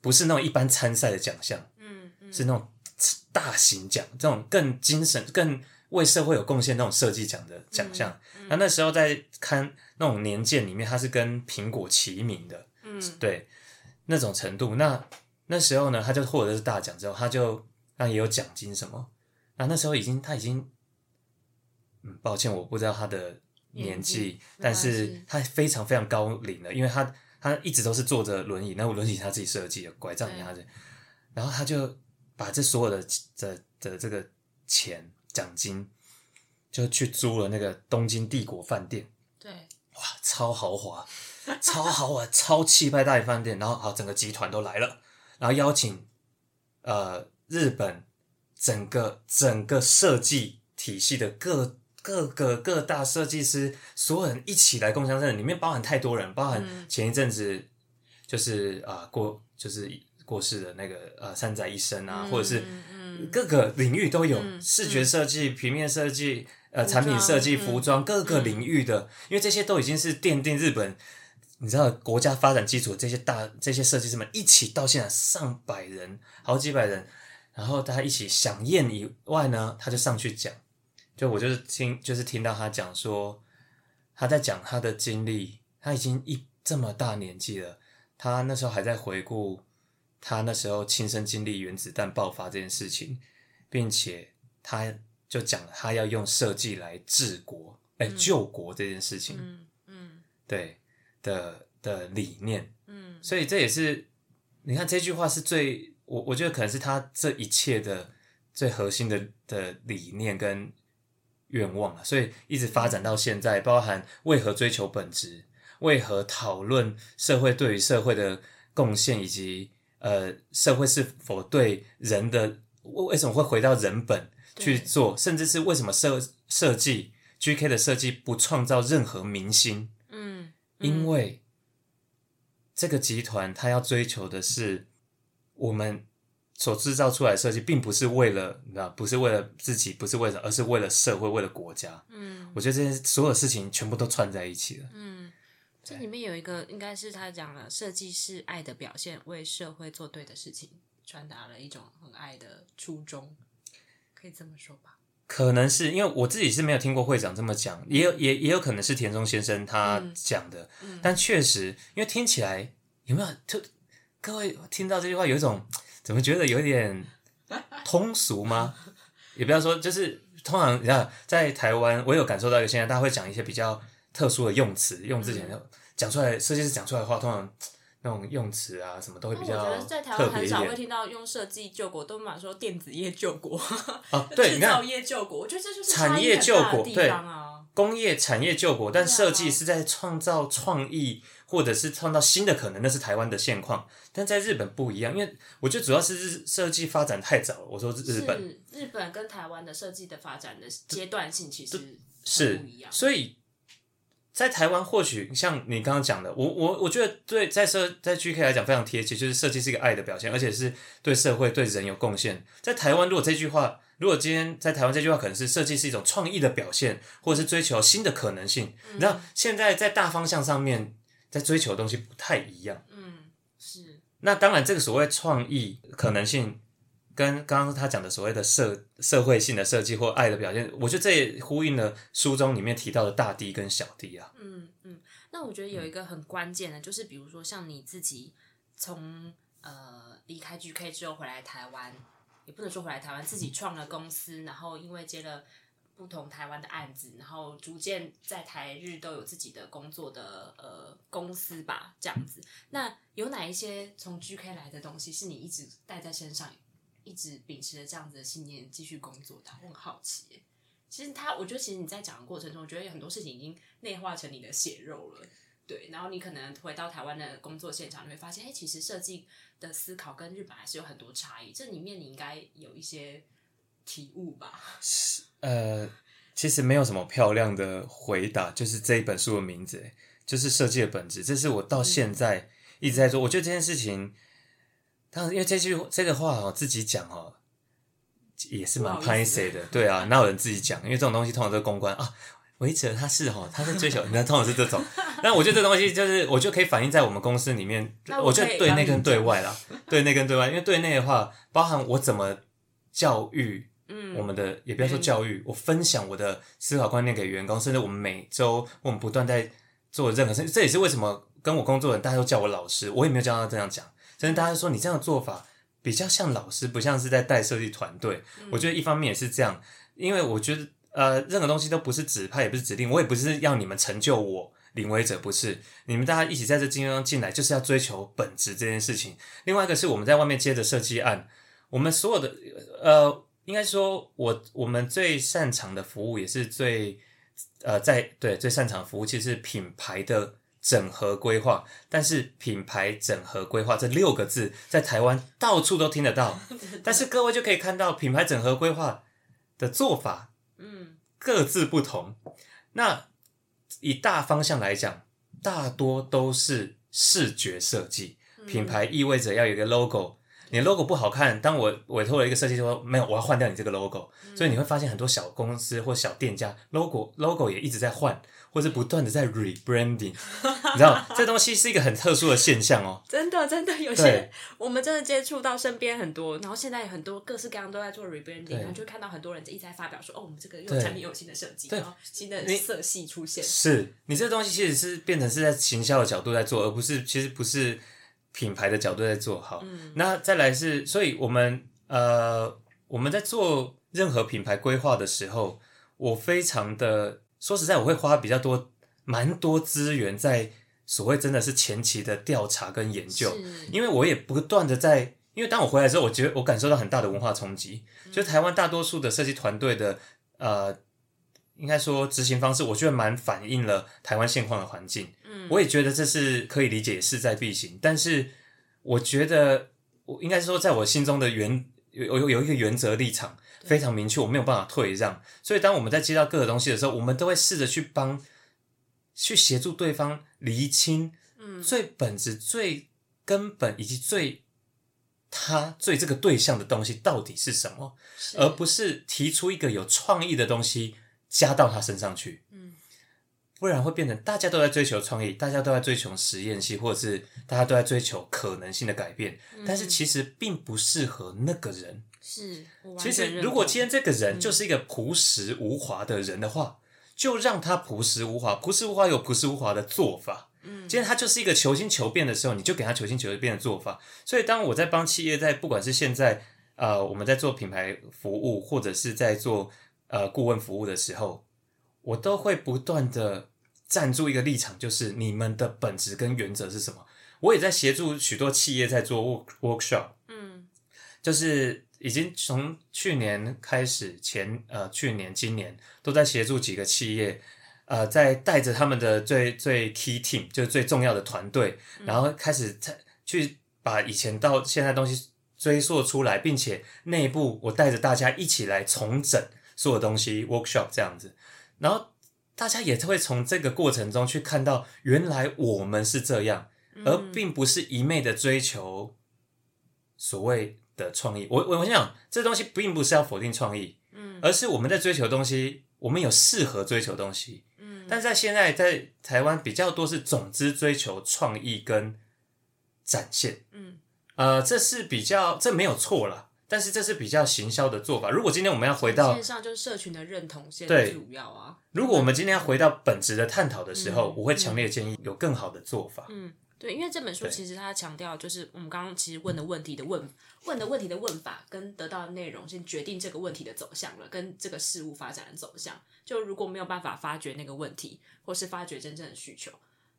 不是那種一般參賽的獎項。嗯嗯、是那種大型獎，這種更精神更。為社會有貢獻那種設計獎的獎項，嗯嗯、那那時候在看那種年鑑裡面，他是跟蘋果齊名的，嗯，對，那種程度。那那時候呢，他就獲得是大獎之後，他就那也有獎金什麼。那那時候已經他已經，嗯，抱歉，我不知道他的年紀，但是他非常非常高齡了，因為他他一直都是坐着輪椅，那我輪椅他自己設計的，拐杖壓着，對然後他就把這所有的的的這個錢。獎金就去租了那個東京帝國飯店，對。哇，超豪華，超豪華，超氣派大飯店。然後好，整個集團都來了，然後邀請呃日本整個整個設計體系的各各個各大設計師，所有人一起來共襄盛舉。裡面包含太多人，包含前一陣子就是啊，過、呃、就是。過世的那個呃，三宅一生啊，嗯、或者是各個領域都有、嗯、視覺設計、平面設計、嗯、呃，產品設計、服裝各個領域的，因為這些都已經是奠定日本，你知道國家發展基礎。這些大這些設計師們一起到現在上百人，好幾百人，然後大家一起響應以外呢，他就上去講。就我就是聽，就是聽到他講說，他在講他的經歷。他已經一這麼大年紀了，他那時候還在回顧。他那時候親身經歷原子彈爆發這件事情，並且他就講他要用設計來治國、來、嗯、救國這件事情，嗯嗯，嗯對的的理念，嗯，所以這也是你看這句話是最我我覺得可能是他這一切的最核心的的理念跟願望了、啊，所以一直發展到現在，包含為何追求本質，為何討論社會對於社會的貢獻以及。呃，社會是否對人的為什麼會回到人本去做，對甚至是為什麼設設計 GK 的設計不創造任何明星？嗯，嗯因為這個集團它要追求的是我們所制造出來的設計，並不是為了你知道，不是為了自己，不是為了，而是為了社會，為了國家。嗯，我覺得這些所有事情全部都串在一起了。嗯。這裡面有一個，應該是他講了，設計是愛的表現，為社會做對的事情，傳達了一種很愛的初衷，可以這麼說吧？可能是因為我自己是沒有聽過會長這麼講，也有也也有可能是田中先生他講的，嗯嗯、但確實，因為聽起來有沒有？就各位聽到這句話，有一種怎麼覺得有一點通俗嗎？ 也不要說，就是通常你看在台灣，我有感受到有些人大家會講一些比較。特殊的用詞用之前講出來，設計、嗯、師講出來的話，通常那種用詞啊什麼都會比較。我覺得在台灣很少會聽到用“設計救國”，都馬上說“電子業救國”啊，對，“製造業救國”你看。我覺得這就是、啊、產業救國，對啊，工業產業救國。但設計是在創造創意，或者是創造新的可能，那是台灣的現況。但在日本不一樣，因為我覺得主要是日設計發展太早了。我說日本，日本跟台灣的設計的發展的階段性其實是不一樣，所以。在台灣，或許像你剛剛講的，我我我覺得對在社在 GK 來講非常貼切，就是設計是一個愛的表現，而且是對社會對人有貢獻。在台灣，如果這句話，如果今天在台灣這句話可能是設計是一種創意的表現，或者是追求新的可能性。那、嗯、你知道，現在在大方向上面，在追求的東西不太一樣。嗯，是。那當然，這個所謂創意可能性、嗯。跟剛剛他講的所謂的社社會性的設計或愛的表現，我覺得這也呼應了書中裡面提到的大 D 跟小 D 啊。嗯嗯，那我覺得有一個很關鍵的，嗯、就是比如說像你自己從呃離開 GK 之後回來台灣，也不能說回來台灣自己創了公司，然後因為接了不同台灣的案子，然後逐漸在台日都有自己的工作的呃公司吧，這樣子。那有哪一些從 GK 來的東西是你一直帶在身上？一直秉持着這樣子的信念繼續工作的，他我很好奇耶。其實他，我覺得，其實你在講的過程中，我覺得有很多事情已經內化成你的血肉了。對，然後你可能回到台灣的工作現場，你會發現，哎，其實設計的思考跟日本還是有很多差異。這裡面你應該有一些體悟吧？是呃，其實沒有什麼漂亮的回答，就是這一本書的名字，就是設計的本質。這是我到現在一直在做，嗯、我覺得這件事情。但是因為這句這個話哦，自己講哦，也是蠻 pissy 的，對啊，哪有人自己講？因為這種東西通常都是公關啊，唯哲他是哈，他在追求，那通常是這種。 但我覺得這東西就是我就可以反映在我們公司裡面， 我就對內跟對外啦， 對內跟對外。因為對內的話，包含我怎麼教育，嗯，我們的 也不要說教育，我分享我的思考觀念給員工，甚至我們每周我們不斷在做任何事情，這也是為什麼跟我工作人大家都叫我老師，我也沒有教他這樣講。但是大家說你這樣做法比較像老師，不像是在帶設計團隊。嗯、我覺得一方面也是這樣，因為我覺得呃，任何東西都不是指派，也不是指令，我也不是要你們成就我。領危者不是你們大家一起在這精英上進來，就是要追求本質這件事情。另外一個是我們在外面接着設計案，我們所有的呃，應該說我我們最擅長的服務也是最呃，在對最擅長的服務其實是品牌的。整合規劃，但是品牌整合規劃這六個字在台灣到處都聽得到，但是各位就可以看到品牌整合規劃的做法，嗯，各自不同。那以大方向來講，大多都是視覺設計，品牌意味着要有一個 logo。你的 logo 不好看。當我委托了一個設計師說，沒有，我要換掉你這個 logo，嗯、所以你會發現很多小公司或小店家 logo logo 也一直在換，或是不斷的在 rebranding。 你知道這個、東西是一個很特殊的現象哦。 真的，真的有些對我們真的接觸到身邊很多，然後現在很多各式各樣都在做 rebranding，對然後就看到很多人一直在發表說哦，我們這個又產品有新的設計，對然後新的色系出現，你是你這個東西其實是變成是在行銷的角度在做，而不是其實不是。品牌的角度在做好。嗯、那再來是，所以我們呃，我們在做任何品牌規劃的時候，我非常的說實在，我會花比較多，蠻多資源在所謂真的是前期的調查跟研究，是因為我也不斷的在，因為當我回來之後，我覺得我感受到很大的文化衝擊，就台灣大多數的設計團隊的呃、應該說執行方式，我覺得蠻反映了台灣現況的環境。嗯，我也覺得這是可以理解、勢在必行。但是，我覺得我應該是說，在我心中的原有有有一個原則立場非常明確，我沒有辦法退讓。所以，當我們在接到各個東西的時候，我們都會試着去幫去協助對方釐清，嗯，最本質、最根本以及最他最這個對象的東西到底是什麼，而不是提出一個有創意的東西。加到他身上去，嗯，不然會變成大家都在追求創意，大家都在追求實驗性，或者是大家都在追求可能性的改變，但是其實並不適合那個人。是，其實如果今天這個人就是一個樸實無華的人的話，嗯，就讓他樸實無華，樸實無華有樸實無華的做法。嗯，今天他就是一個求新求變的時候，你就給他求新求變的做法。所以，當我在幫企業在，不管是現在，呃，我們在做品牌服務，或者是在做。呃，顧問服務的時候，我都會不斷地站住一個立場，就是你們的本質跟原則是什麼。我也在協助許多企業在做 work workshop，嗯，就是已經從去年開始前呃，去年今年都在協助幾個企業，呃，在帶着他們的最最 key team，就是最重要的團隊，嗯，然後開始去把以前到現在的東西追溯出來，並且內部我帶着大家一起來重整。說的東西，workshop 這樣子，然後大家也會從這個過程中去看到，原來我們是這樣，嗯、而並不是一味的追求所謂的創意。我我我想這東西並不是要否定創意，嗯、而是我們在追求東西，我們有適合追求東西，嗯、但是在現在在台灣比較多是總之追求創意跟展現，嗯，呃，這是比較這沒有錯啦。但是這是比較行銷的做法。如果今天我們要回到線上，就是社群的認同先。主要啊。如果我們今天要回到本質的探討的時候，嗯、我會強烈建議有更好的做法。嗯，對，因為這本書其實它強調，就是我們剛剛其實問的問題的問對問的問題的問法，跟得到的內容，先決定這個問題的走向了，跟這個事物發展的走向。就如果沒有辦法發掘那個問題，或是發掘真正的需求，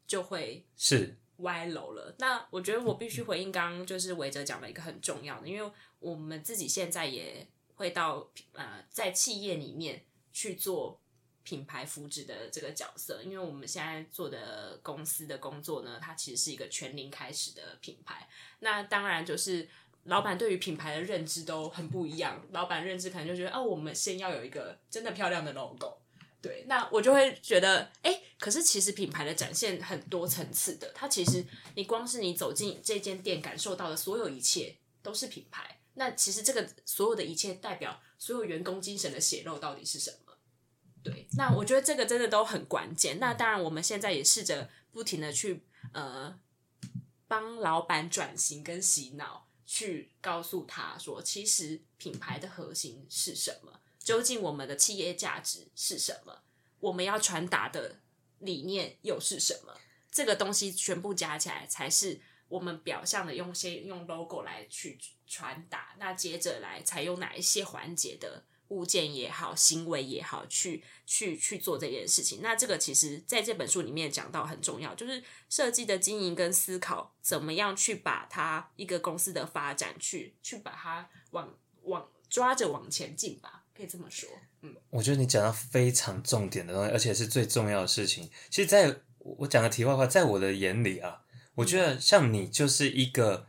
就會是歪樓了。是那我覺得我必須回應剛,剛就是唯哲講的一個很重要的，因為。我們自己現在也會到呃，在企業裡面去做品牌扶植的這個角色，因為我們現在做的公司的工作呢，它其實是一個全零開始的品牌。那當然就是老板對於品牌的認知都很不一樣，老板認知可能就覺得哦、啊，我們先要有一個真的漂亮的 logo。對，那我就會覺得，哎，可是其實品牌的展現很多層次的，它其實你光是你走進這間店感受到的所有一切都是品牌。那其實這個所有的一切代表所有員工精神的血肉到底是什麼？對，那我覺得這個真的都很關鍵。那當然，我們現在也試着不停的去呃，幫老闆轉型跟洗腦，去告訴他說，其實品牌的核心是什麼？究竟我們的企業價值是什麼？我們要傳達的理念又是什麼？這個東西全部加起來才是。我們表象的用些用 logo 來去傳達，那接着來採用哪一些環節的物件也好，行為也好，去去去做這件事情。那這個其實，在這本書裡面講到很重要，就是設計的經營跟思考，怎麼樣去把它一個公司的發展去，去去把它往往抓着往前進吧，可以這麼說。嗯，我覺得你講到非常重點的東西，而且是最重要的事情。其實在，在我講個題外話，話，在我的眼裡啊。我覺得像你就是一個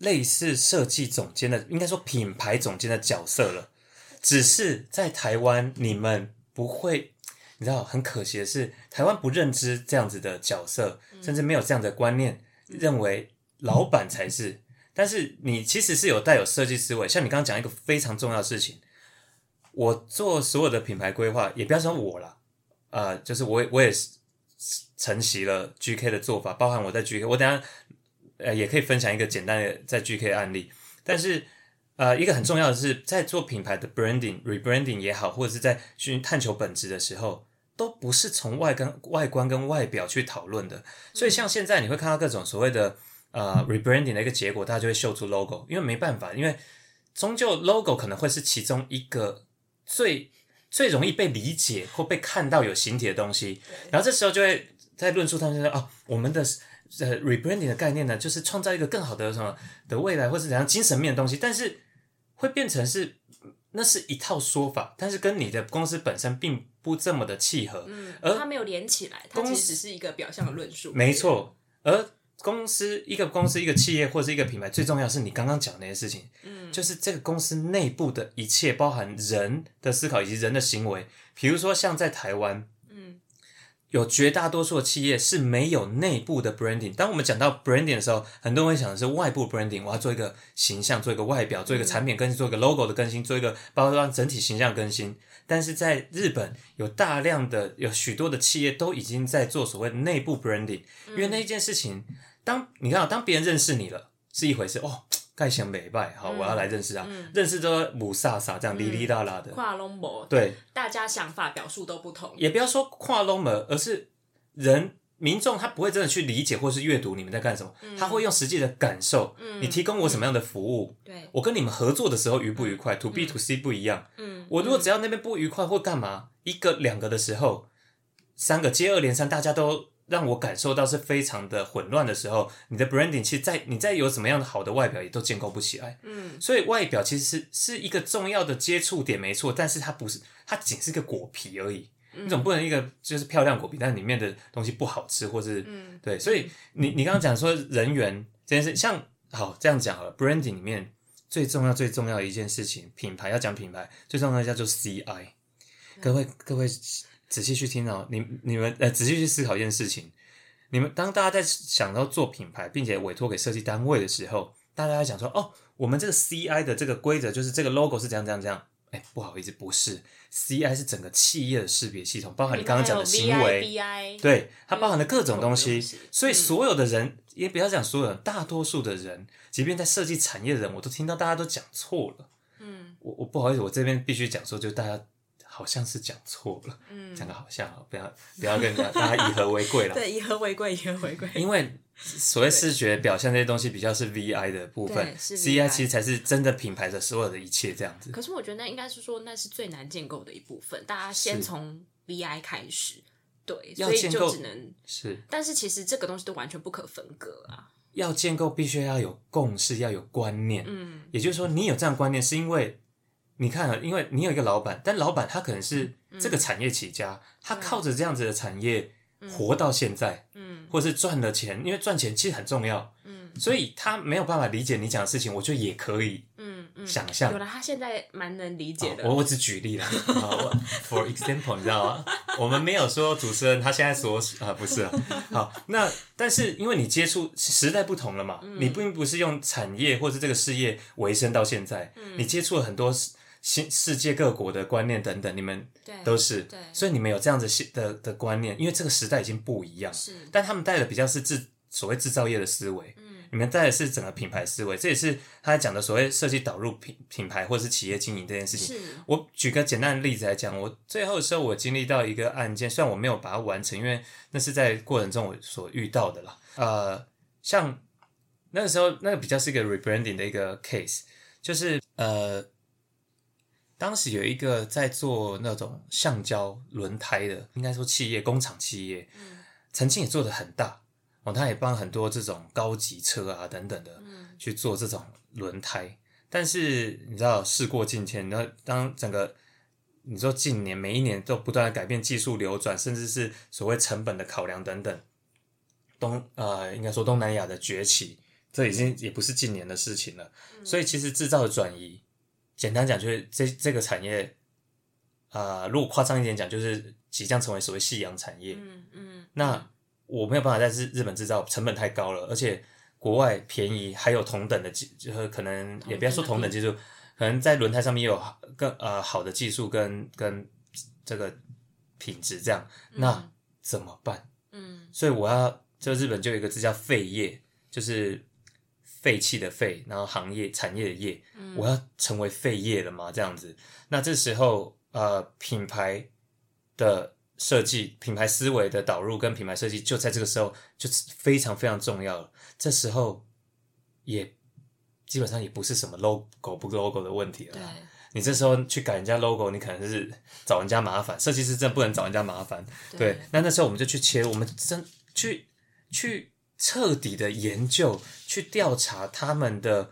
類似設計總監的，應該說品牌總監的角色了。只是在台灣，你們不會，你知道，很可惜的是，台灣不認知這樣子的角色，甚至沒有這樣的觀念，認為老闆才是。但是你其實是有帶有設計思維，像你剛剛講一個非常重要的事情，我做所有的品牌規劃，也不要說我啦，呃，就是我，我也是。承襲了 GK 的做法，包含我在 GK，我等一下呃也可以分享一個簡單的在 GK 案例。但是呃，一個很重要的是在做品牌的 branding、rebranding 也好，或者是在去探求本質的時候，都不是從外、外觀跟外表去討論的。所以像現在你會看到各種所謂的呃 rebranding 的一個結果，大家就會秀出 logo，因為沒辦法，因為終究 logo 可能會是其中一個最。最容易被理解、或被看到有形體的東西，對然後這時候就會在論述他們說啊、哦，我們的呃 rebranding 的概念呢，就是創造一個更好的什麼的未來，或是怎樣精神面的東西，但是會變成是那是一套說法，但是跟你的公司本身並不這麼的契合，嗯、而它沒有連起來，司它其實是一個表象的論述，嗯、沒錯，對嗯、而。公司一個公司一個企業或者是一個品牌，最重要是你剛剛講的那些事情，嗯，就是這個公司內部的一切，包含人的思考以及人的行為。比如說像在台灣，嗯，有絕大多數的企業是沒有內部的 branding。當我們講到 branding 的時候，很多人會想的是外部 branding，我要做一個形象，做一個外表，做一個產品更新，做一個 logo 的更新，做一個包裝整體形象更新。但是在日本，有大量的有許多的企業都已經在做所謂的內部 branding，因為那一件事情。嗯當你看，當別人認識你了是一回事哦，蓋想美敗好，我要來認識啊，認識這個霧煞煞這樣哩哩啦啦的跨龍門，對，大家想法表述都不同，也不要說跨龍門，而是人民眾他不會真的去理解或是閱讀你們在幹什麼，他會用實際的感受，你提供我什麼樣的服務，對我跟你們合作的時候愉不愉快？To B To C 不一樣，嗯，我如果只要那邊不愉快或幹嘛一個兩個的時候，三個接二連三，大家都。讓我感受到是非常的混亂的時候，你的 branding 其實在你再有什麼樣的好的外表，也都建構不起來。嗯，所以外表其實是是一個重要的接觸點，沒錯，但是它不是，它僅是一個果皮而已。嗯，你總不能一個就是漂亮果皮，但裡面的東西不好吃，或是嗯，對。所以你你剛剛講說人員這件事，像好這樣講好了，branding 裡面最重要最重要的一件事情，品牌要講品牌，最重要的叫做 CI 各。各位各位。仔細去聽哦，你你們呃仔細去思考一件事情。你們當大家在想到做品牌，並且委托給設計單位的時候，大家在講說哦，我們這個 CI 的這個規則就是這個 logo 是這樣這樣這樣。哎，不好意思，不是，CI 是整個企業的識別系統，包含你剛剛講的行為，對，它包含的各種東西。嗯，所以所有的人，也不要講所有人，大多數的人，即便在設計產業的人，我都聽到大家都講錯了。嗯，我我不好意思，我這邊必須講說，就大家。好像是講錯了，講、嗯、個好像、喔，不要不要跟人家大家以和為貴了。 對，以和為貴，以和為貴。因為所謂視覺表現這些東西，比較是 V I 的部分，C I 其實才是真的品牌的所有的一切這樣子。可是我覺得那應該是說，那是最難建構的一部分。大家先從 V I 開始，是對，所以就只能是。但是其實這個東西都完全不可分割啊。要建構，必須要有共識，要有觀念。嗯，也就是說，你有這樣的觀念，是因為。你看，啊，因為你有一個老板，但老板他可能是這個產業起家，嗯、他靠着這樣子的產業活到現在，嗯，或是賺了錢，因為賺錢其實很重要，嗯，所以他沒有辦法理解你講的事情，我覺得也可以嗯，嗯想象有了，他現在蠻能理解的，哦。我我只舉例了 我，For example，你知道嗎？我們沒有說主持人他現在說啊，不是，好，那但是因為你接觸時代不同了嘛，嗯、你並不是用產業或是這個事業維生到現在，嗯、你接觸了很多。新世界各國的觀念等等，你們都是，對對所以你們有這樣子的的觀念，因為這個時代已經不一樣。是，但他們帶的比較是制所謂制造業的思維，嗯，你們帶的是整個品牌思維，這也是他講的所謂設計導入品品牌或者是企業經營這件事情。是我舉個簡單的例子來講，我最後的時候我經歷到一個案件，雖然我沒有把它完成，因為那是在過程中我所遇到的啦。呃，像那個時候那個比較是一個 rebranding 的一個 case，就是呃。當時有一個在做那種橡膠輪胎的，應該說企業工廠企業，嗯、曾經也做得很大哦，他也幫很多這種高級車啊等等的，嗯、去做這種輪胎。但是你知道，事過境遷，然後、嗯、當整個你說近年每一年都不斷的改變技術流轉，甚至是所謂成本的考量等等，東呃，應該說東南亞的崛起，這已經也不是近年的事情了。嗯、所以其實製造的轉移。簡單講就是這這個產業，啊、呃，如果誇張一點講，就是即將成為所謂夕陽產業。嗯嗯。嗯，那我沒有辦法，在日日本製造成本太高了，而且國外便宜，嗯、還有同等的就可能技術也不要說同等技術，嗯、可能在輪胎上面也有更呃好的技術跟跟這個品質這樣，嗯、那怎麼辦？嗯。所以我要，就日本就有一個字叫廢業，就是。廢棄的廢，然後行業產業的業，嗯、我要成為廢業了嗎？這樣子。那這時候呃，品牌的設計、品牌思維的導入跟品牌設計就在這個時候就非常非常重要了。這時候也基本上也不是什麼 logo 不 logo 的問題了啦。對你這時候去改人家 logo，你可能是找人家麻煩。設計師真的不能找人家麻煩。對，對，那那時候我們就去切，我們真去去。去徹底的研究去調查他們的，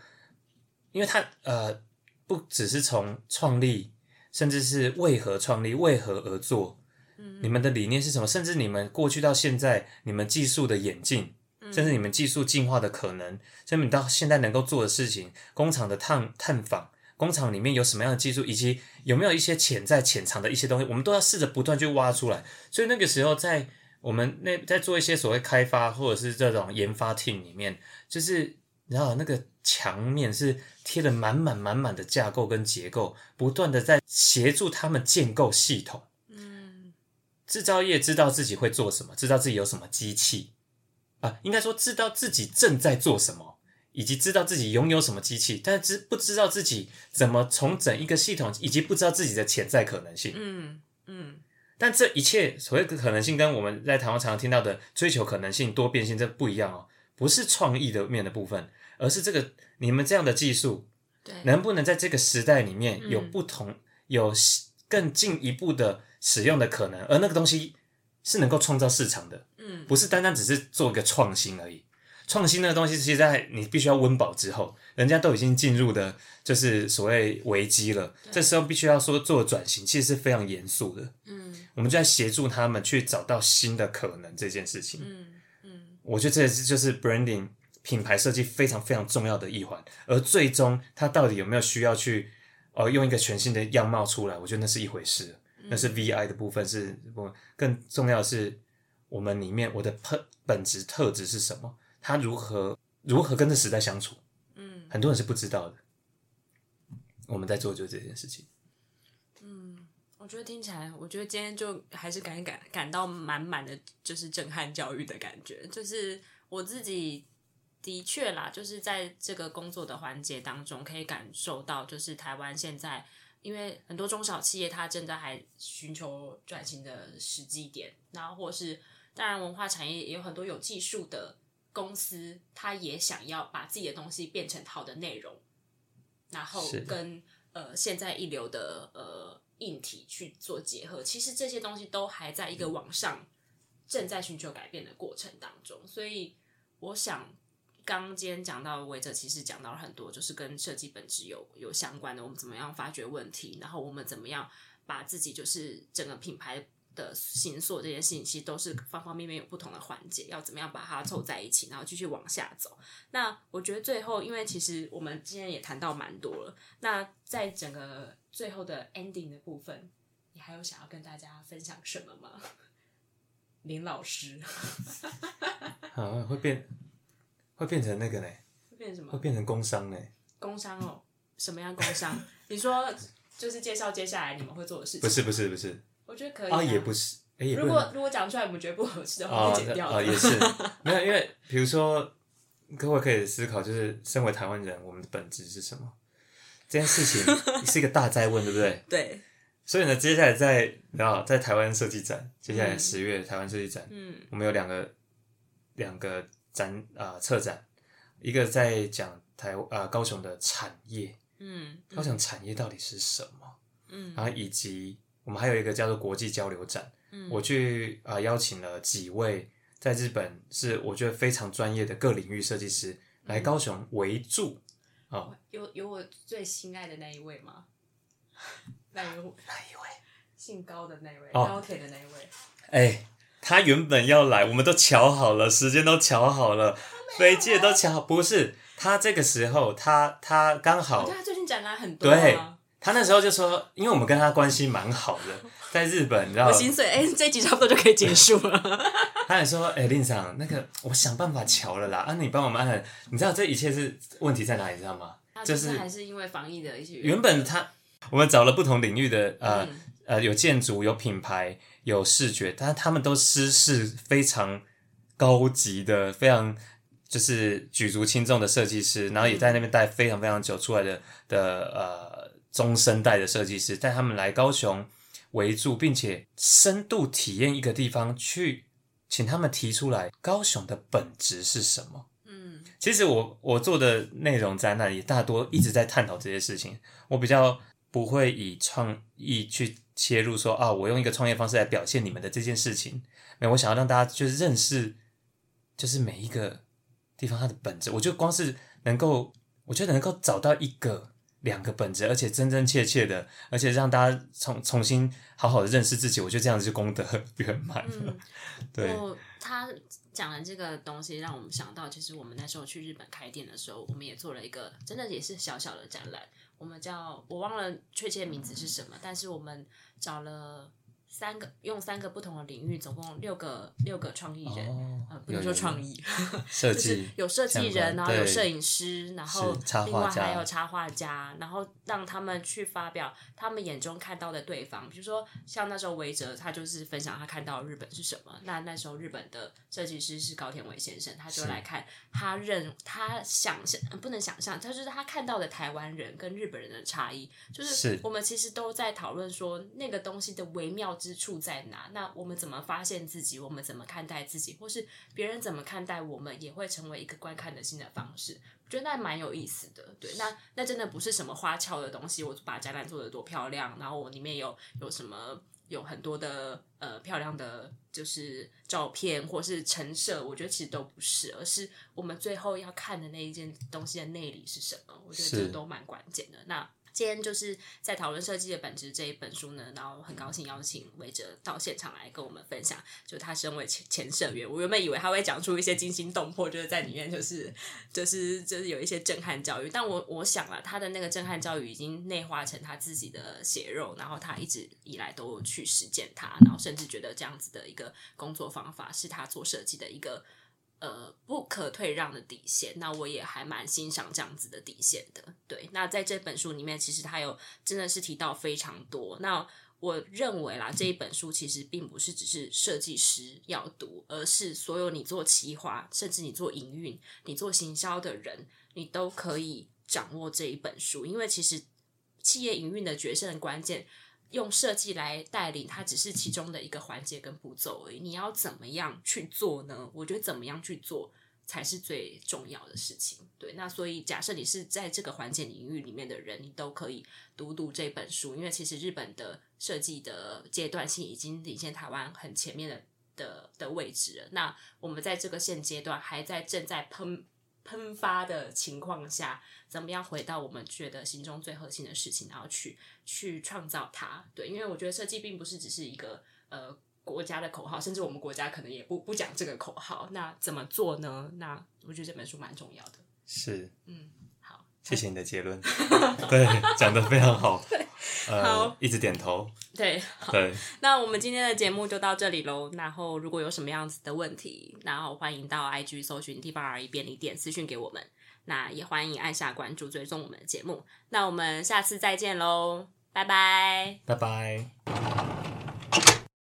因為他呃不只是從創立，甚至是為何創立，為何而做，嗯，你們的理念是什麼？甚至你們過去到現在，你們技術的演進，甚至你們技術進化的可能，嗯，甚至你到現在能夠做的事情，工廠的探探訪，工廠裡面有什麼樣的技術，以及有沒有一些潛在潛藏的一些東西，我們都要試着不斷去挖出來。所以那個時候在。我們那，在做一些所謂開發，或者是這種研發 team 裡面，就是然後那個牆面是貼了滿滿滿滿的架構跟結構，不斷的在協助他們建構系統。嗯，製造業知道自己會做什麼，知道自己有什麼機器啊，應該說知道自己正在做什麼，以及知道自己擁有什麼機器，但是知不知道自己怎麼重整一個系統，以及不知道自己的潛在可能性。嗯嗯。嗯但這一切所謂的可能性，跟我們在台灣常常聽到的追求可能性、多變性，這不一樣哦。不是創意的面的部分，而是這個你們這樣的技術，對能不能在這個時代裡面有不同、嗯、有更進一步的使用的可能？而那個東西是能夠創造市場的，嗯、不是單單只是做一個創新而已。創新的東西，其實，在你必須要溫飽之後，人家都已經進入的，就是所謂危機了。對這時候必須要說做轉型，其實是非常嚴肅的。嗯，我們就在協助他們去找到新的可能這件事情。嗯嗯，嗯我覺得這就是 branding 品牌設計非常非常重要的一環。而最終，它到底有沒有需要去哦、呃，用一個全新的樣貌出來？我覺得那是一回事，嗯、那是 VI 的部分是，更重要的是，我們裡面我的本特本質特質是什麼？他如何如何跟這時代相處？嗯，很多人是不知道的。我們在做就這件事情。嗯，我覺得聽起來，我覺得今天就還是感感感到滿滿的就是震撼教育的感覺。就是我自己的確啦，就是在這個工作的環節當中，可以感受到，就是台灣現在因為很多中小企業，它真的還尋求轉型的時機點，然後或是當然文化產業也有很多有技術的。公司它也想要把自己的東西變成好的內容，然後跟的呃現在一流的呃硬體去做結合。其實這些東西都還在一個往上正在尋求改變的過程當中。嗯、所以我想，剛今天講到的唯哲其實講到了很多，就是跟設計本質有有相關的。我們怎麼樣發掘問題？然後我們怎麼樣把自己就是整個品牌，的行所，這件事情，其實都是方方面面有不同的環節，要怎麼樣把它湊在一起，然後繼續往下走。那我覺得最後，因為其實我們今天也談到蠻多了。那在整個最後的 ending 的部分，你還有想要跟大家分享什麼嗎？林老師，啊， 會變，會變成那個呢？會變成什麼？會變成工商呢？工商哦，什麼樣工商？ 你說就是介紹接下來你們會做的事情？不是，不是，不是，不是，不是。我覺得可以啊，也不是。欸、不如果如果講出來我們覺得不合適的話，會、哦、剪掉的。啊、哦哦，也是沒有，因為比如說，各位可以思考，就是身為台灣人，我們的本質是什麼？這件事情是一個大哉問， 對不對？對。所以呢，接下來在你知道，在台灣設計展，接下來十月台灣設計展，嗯，我們有兩個兩個展啊、呃，策展一個在講台灣啊、呃、高雄的產業，嗯，嗯高雄產業到底是什麼？嗯，然後、啊、以及。我們還有一個叫做國際交流展，嗯、我去啊、呃、邀請了幾位在日本是我覺得非常專業的各領域設計師來高雄圍住啊。哦、有有我最心愛的那一位嗎？那一位？ 那一位？姓高的那位，哦、高的那一位？高鐵的那一位？哎、欸，他原本要來，我們都喬好了，時間都喬好了，飛機也都喬好。不是他這個時候，他他剛好，哦、他最近展覽很多，啊。對。他那時候就說，因為我們跟他關係蠻好的，在日本，你知道，我心碎哎、欸，這一集差不多就可以結束了。他還說，哎、欸，林桑那個，我想辦法喬了啦，啊，你幫我們按，你知道這一切是問題在哪裡？你知道嗎？啊就是、就是還是因為防疫的一些。原本他，我們找了不同領域的呃、嗯、呃，有建築、有品牌、有視覺，但他們都師是非常高級的、非常就是舉足輕重的設計師，然後也在那邊待非常非常久出來的的呃。中生代的設計師帶他們來高雄，圍住並且深度體驗一個地方，去請他們提出來高雄的本質是什麼？嗯，其實我我做的內容在那裡，大多一直在探討這些事情。我比較不會以創意去切入說，啊，我用一個創業方式來表現你們的這件事情。沒有，我想要讓大家就是認識，就是每一個地方它的本質。我就光是能夠，我覺得能夠找到一個。兩個本子，而且真真切切的，而且讓大家重重新好好的認識自己，我覺得這樣子就功德很圓滿了。嗯、對，哦、他講的這個東西，讓我們想到，其實我們那時候去日本開店的時候，我們也做了一個，真的也是小小的展覽，我們叫，我忘了確切名字是什麼，嗯、但是我們找了。三個用三個不同的領域，總共六個六個創意人嗯、哦呃，不能說創意，有有設計 就是有設計人，關然後有攝影師，對然後另外還有插畫家，畫家然後讓他們去發表他們眼中看到的對方。比如說像那時候唯哲，他就是分享他看到日本是什麼。那那時候日本的設計師是高天偉先生，他就來看，是他認他想象、呃、不能想象，他就是他看到的台灣人跟日本人的差異，就是我們其實都在討論說那個東西的微妙之處在哪？那我們怎麼發現自己？我們怎麼看待自己？或是別人怎麼看待我們，也會成為一個觀看的新的方式。我覺得那蠻有意思的。對，那那真的不是什麼花俏的東西。我把展覽做得多漂亮，然後我裡面有有什麼，有很多的呃漂亮的，就是照片或是陳設。我覺得其實都不是，而是我們最後要看的那一件東西的內裡是什麼。我覺得這都蠻關鍵的。那。今天就是在討論設計的本質這一本書呢，然後很高興邀請唯哲到現場來跟我們分享。就他身為前前社員，我原本以為他會講出一些驚心動魄，就是在裡面就是就是就是有一些震撼教育。但我我想啊，他的那個震撼教育已經內化成他自己的血肉，然後他一直以來都去實踐他，然後甚至覺得這樣子的一個工作方法是他做設計的一個，呃，不可退讓的底線，那我也還蠻欣賞這樣子的底線的。對，那在這本書裡面，其實它有真的是提到非常多。那我認為啦，這一本書其實並不是只是設計師要讀，而是所有你做企劃，甚至你做營運、你做行銷的人，你都可以掌握這一本書，因為其實企業營運的決勝的關鍵。用設計來帶領，它只是其中的一個環節跟步驟而已。你要怎麼樣去做呢？我覺得怎麼樣去做才是最重要的事情。對，那所以假設你是在這個環節領域裡面的人，你都可以讀讀這本書，因為其實日本的設計的階段性已經領先台灣很前面的的的位置了。那我們在這個現階段還在正在噴，噴發的情況下，怎麼樣回到我們覺得心中最核心的事情，然後去去創造它？對，因為我覺得設計並不是只是一個呃國家的口號，甚至我們國家可能也不不講這個口號。那怎麼做呢？那我覺得這本書蠻重要的。是，嗯。謝謝你的結論， 對，講得非常好， 對好，呃，一直點頭，對，好，對，那我們今天的節目就到這裡嘍。然後如果有什麼樣子的問題，然後歡迎到 IG 搜尋 T 八二一便利店私訊給我們。那也歡迎按下關注，追蹤我們的節目。那我們下次再見嘍，拜拜，拜拜。